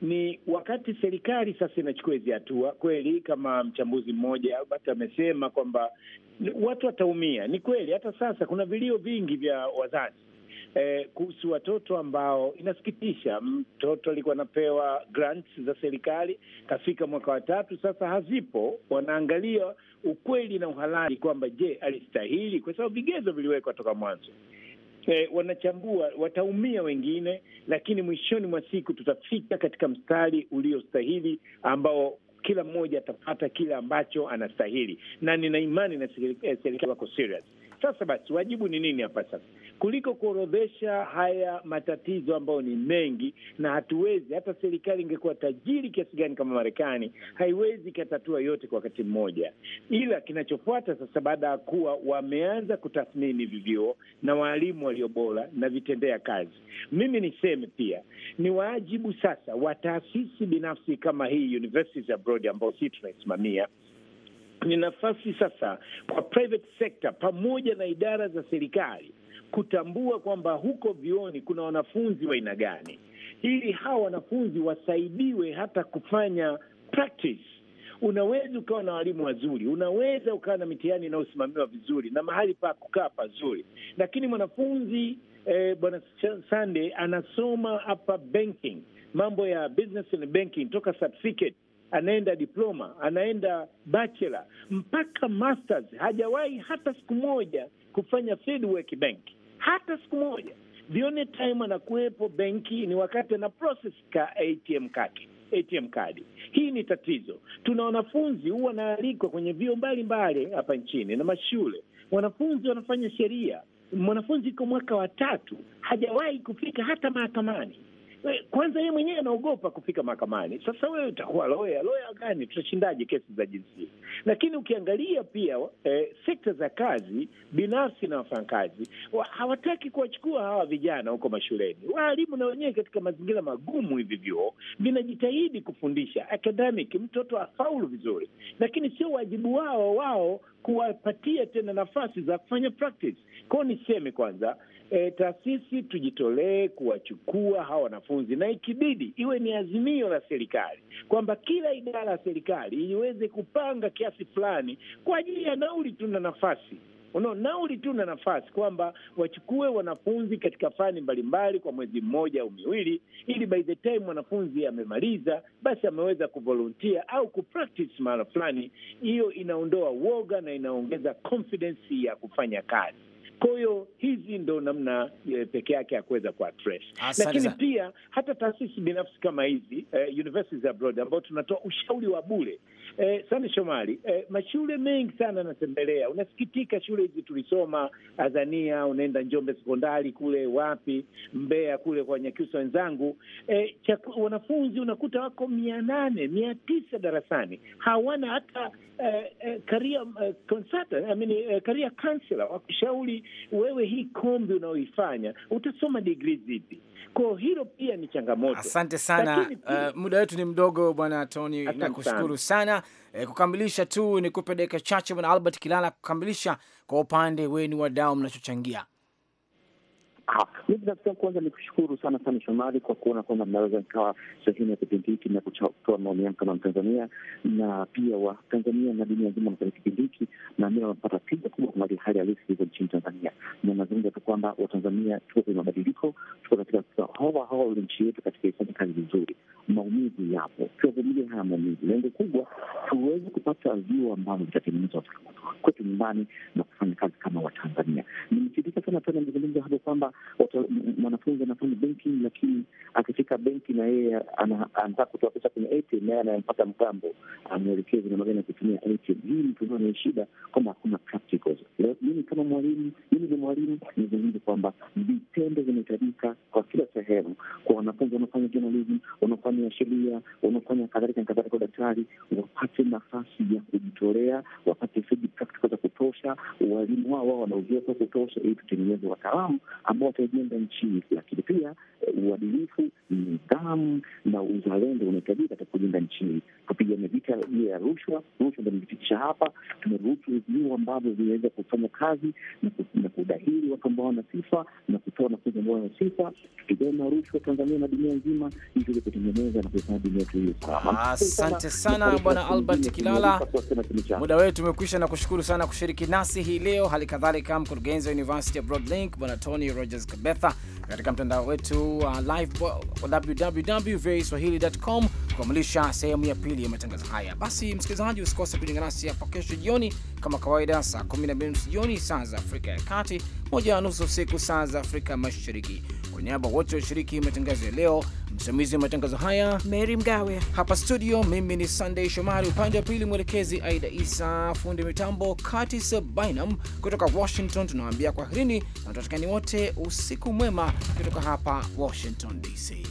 ni wakati serikali sasa inachukua hizi hatua kweli, kama mchambuzi mmoja basi amesema kwamba watu wataumia. Ni kweli, hata sasa kuna vilio vingi vya wazazi eh, kuhusu watoto ambao inasikitisha. Mtoto alikuwa anapewa grants za serikali, kafika mwaka wa tatu sasa hazipo. Wanaangalia ukweli na uhalali kwamba je, alistahili kwa sababu vigezo viliwekwa toka mwanzo. Eh, wanachambua, wataumia wengine, lakini mwishoni mwa siku tutafika katika mstari uliostahili ambao kila mmoja atapata kile ambacho anastahili, na nina imani na serikali eh, wako serious. Sasa basi, wajibu ni nini hapa sasa? kuliko kuorodhesha haya matatizo ambayo ni mengi, na hatuwezi, hata serikali ingekuwa tajiri kiasi gani kama Marekani, haiwezi ikatatua yote kwa wakati mmoja. Ila kinachofuata sasa, baada ya kuwa wameanza kutathmini vivyo na waalimu walio bora na vitendea kazi, mimi niseme pia ni waajibu sasa wa taasisi binafsi kama hii universities abroad, si tunaisimamia ni nafasi sasa kwa private sector pamoja na idara za serikali kutambua kwamba huko vioni kuna wanafunzi wa aina gani, ili hawa wanafunzi wasaidiwe hata kufanya practice. Unaweza ukawa na walimu wazuri, unaweza ukawa na mitihani inayosimamiwa vizuri na mahali pa kukaa pazuri, lakini mwanafunzi eh, bwana Sande anasoma hapa banking, mambo ya business and banking, toka certificate anaenda diploma, anaenda bachelor mpaka masters, hajawahi hata siku moja kufanya fieldwork bank hata siku moja. The only time anakuwepo benki ni wakati ana process ka ATM kadi. ATM kadi hii ni tatizo. Tuna wanafunzi huwa wanaalikwa kwenye vio mbalimbali hapa nchini na mashule, wanafunzi wanafanya sheria. Mwanafunzi iko mwaka wa tatu hajawahi kufika hata mahakamani kwanza yeye mwenyewe anaogopa kufika mahakamani. Sasa wewe utakuwa loya loya gani? Tutashindaje kesi za jinsia? Lakini ukiangalia pia eh, sekta za kazi binafsi na wafanyakazi hawataki kuwachukua hawa vijana huko mashuleni. Waalimu na wenyewe katika mazingira magumu, hivi vyuo vinajitahidi kufundisha academic, mtoto afaulu vizuri, lakini sio wajibu wao wao kuwapatia tena nafasi za kufanya practice kwao. Niseme kwanza e, taasisi tujitolee kuwachukua hawa wanafunzi, na ikibidi iwe ni azimio la serikali kwamba kila idara ya serikali iweze kupanga kiasi fulani kwa ajili ya nauli. Tuna nafasi unaona, nauli tuna nafasi kwamba wachukue wanafunzi katika fani mbalimbali kwa mwezi mmoja au miwili, ili by the time mwanafunzi amemaliza, basi ameweza kuvolunteer au kupractice mahala fulani. Hiyo inaondoa woga na inaongeza confidence ya kufanya kazi. Kwa hiyo hizi ndo namna e, peke yake ya kuweza kuaddress, lakini pia hata taasisi binafsi kama hizi e, universities abroad ambao tunatoa ushauri wa bure Eh, Sande Shomari, eh, mashule mengi sana anatembelea, unasikitika. Shule hizi tulisoma Azania, unaenda Njombe sekondari kule, wapi Mbeya kule kwa Nyakyusa wenzangu, eh, wanafunzi unakuta wako mia nane mia tisa darasani, hawana hata eh, eh, eh I mean, eh, wakushauri wewe, hii kombi unaoifanya utasoma digrii zipi? Kwa hilo pia ni changamoto. Asante sana uh, muda wetu ni mdogo bwana Tony, nakushukuru sana, sana. E, kukamilisha tu nikupe dakika chache bwana Albert Kilala kukamilisha kwa upande wenu wadau mnachochangia Ah, mi binafsi yangu kwanza ni kushukuru sana sana Shomari kwa kuona kwamba mnaweza nikawa sehemu ya kipindi hiki na kutoa maoni yangu kama Mtanzania na pia Watanzania na dunia nzima wanafanya kipindi hiki, na mi wanapata picha kubwa kwa mali hali halisi ilivyo nchini Tanzania, na nazungumza tu kwamba Watanzania tuko kwenye mabadiliko, tuko katika hawa hawa ule nchi yetu katika ifanya kazi vizuri, maumivu yapo, tuwavumilie haya maumivu. Lengo kubwa tuweze kupata vyuo ambavyo vitatengeneza vitatengenezwa kwetu nyumbani na kufanya kazi kama Watanzania. Nimefidika sana tena nizungumza hapo kwamba mwanafunzi anafanya banking, lakini akifika benki na yeye anataka kutoa pesa kwenye ATM, naye anayempata mgambo amwelekezi na magani ya kutumia ATM. Hii ni tunaona ni shida kwamba hakuna practicals. Mimi kama mwalimu, mimi ni mwalimu, nizungumze kwamba vitendo vinahitajika kwa kila sehemu, kwa wanafunzi wanaofanya journalism, wanaofanya sheria, wanaofanya kadhalika na kadhalika, udaktari, wapate nafasi ya kujitolea, wapate kutosha, walimu wao wao wana uzoefu wa kutosha, ili tutengeneze wataalamu ambao wataijenga nchi. hii Lakini pia eh, uadilifu, nidhamu na uzalendo unahitajika katika kujenga nchi, hii kupigana vita juu ya rushwa. Rushwa ndo imepitisha hapa, tumeruhusu vyuo ambavyo vinaweza kufanya kazi na kudahili watu ambao wana sifa na kutoa mafunzo ambayo yana sifa, tupigana rushwa Tanzania na dunia nzima, ili tuweze kutengeneza na kuifanya dunia yetu hiyo salama. Asante sana Bwana Albert Kilala, muda wetu umekwisha, na kushukuru sana kushiriki nasi hii leo, hali kadhalika mkurugenzi wa University of Broadlink Bwana Tony Rogers Kabetha, katika mtandao wetu wa uh, live www.voaswahili.com kukamilisha sehemu ya pili ya matangazo haya. Basi msikilizaji, usikose kujiunga nasi hapo kesho jioni kama kawaida, saa 12 jioni saa za Afrika ya Kati, moja na nusu usiku saa za Afrika Afrika Mashariki. Kwa niaba wote washiriki matangazo ya leo, msimamizi wa matangazo haya Mary Mgawe, hapa studio mimi ni Sunday Shomari, upande wa pili mwelekezi Aida Isa, fundi mitambo Curtis Bynum kutoka Washington. Tunawaambia kwaherini na tutakieni wote usiku mwema kutoka hapa Washington DC.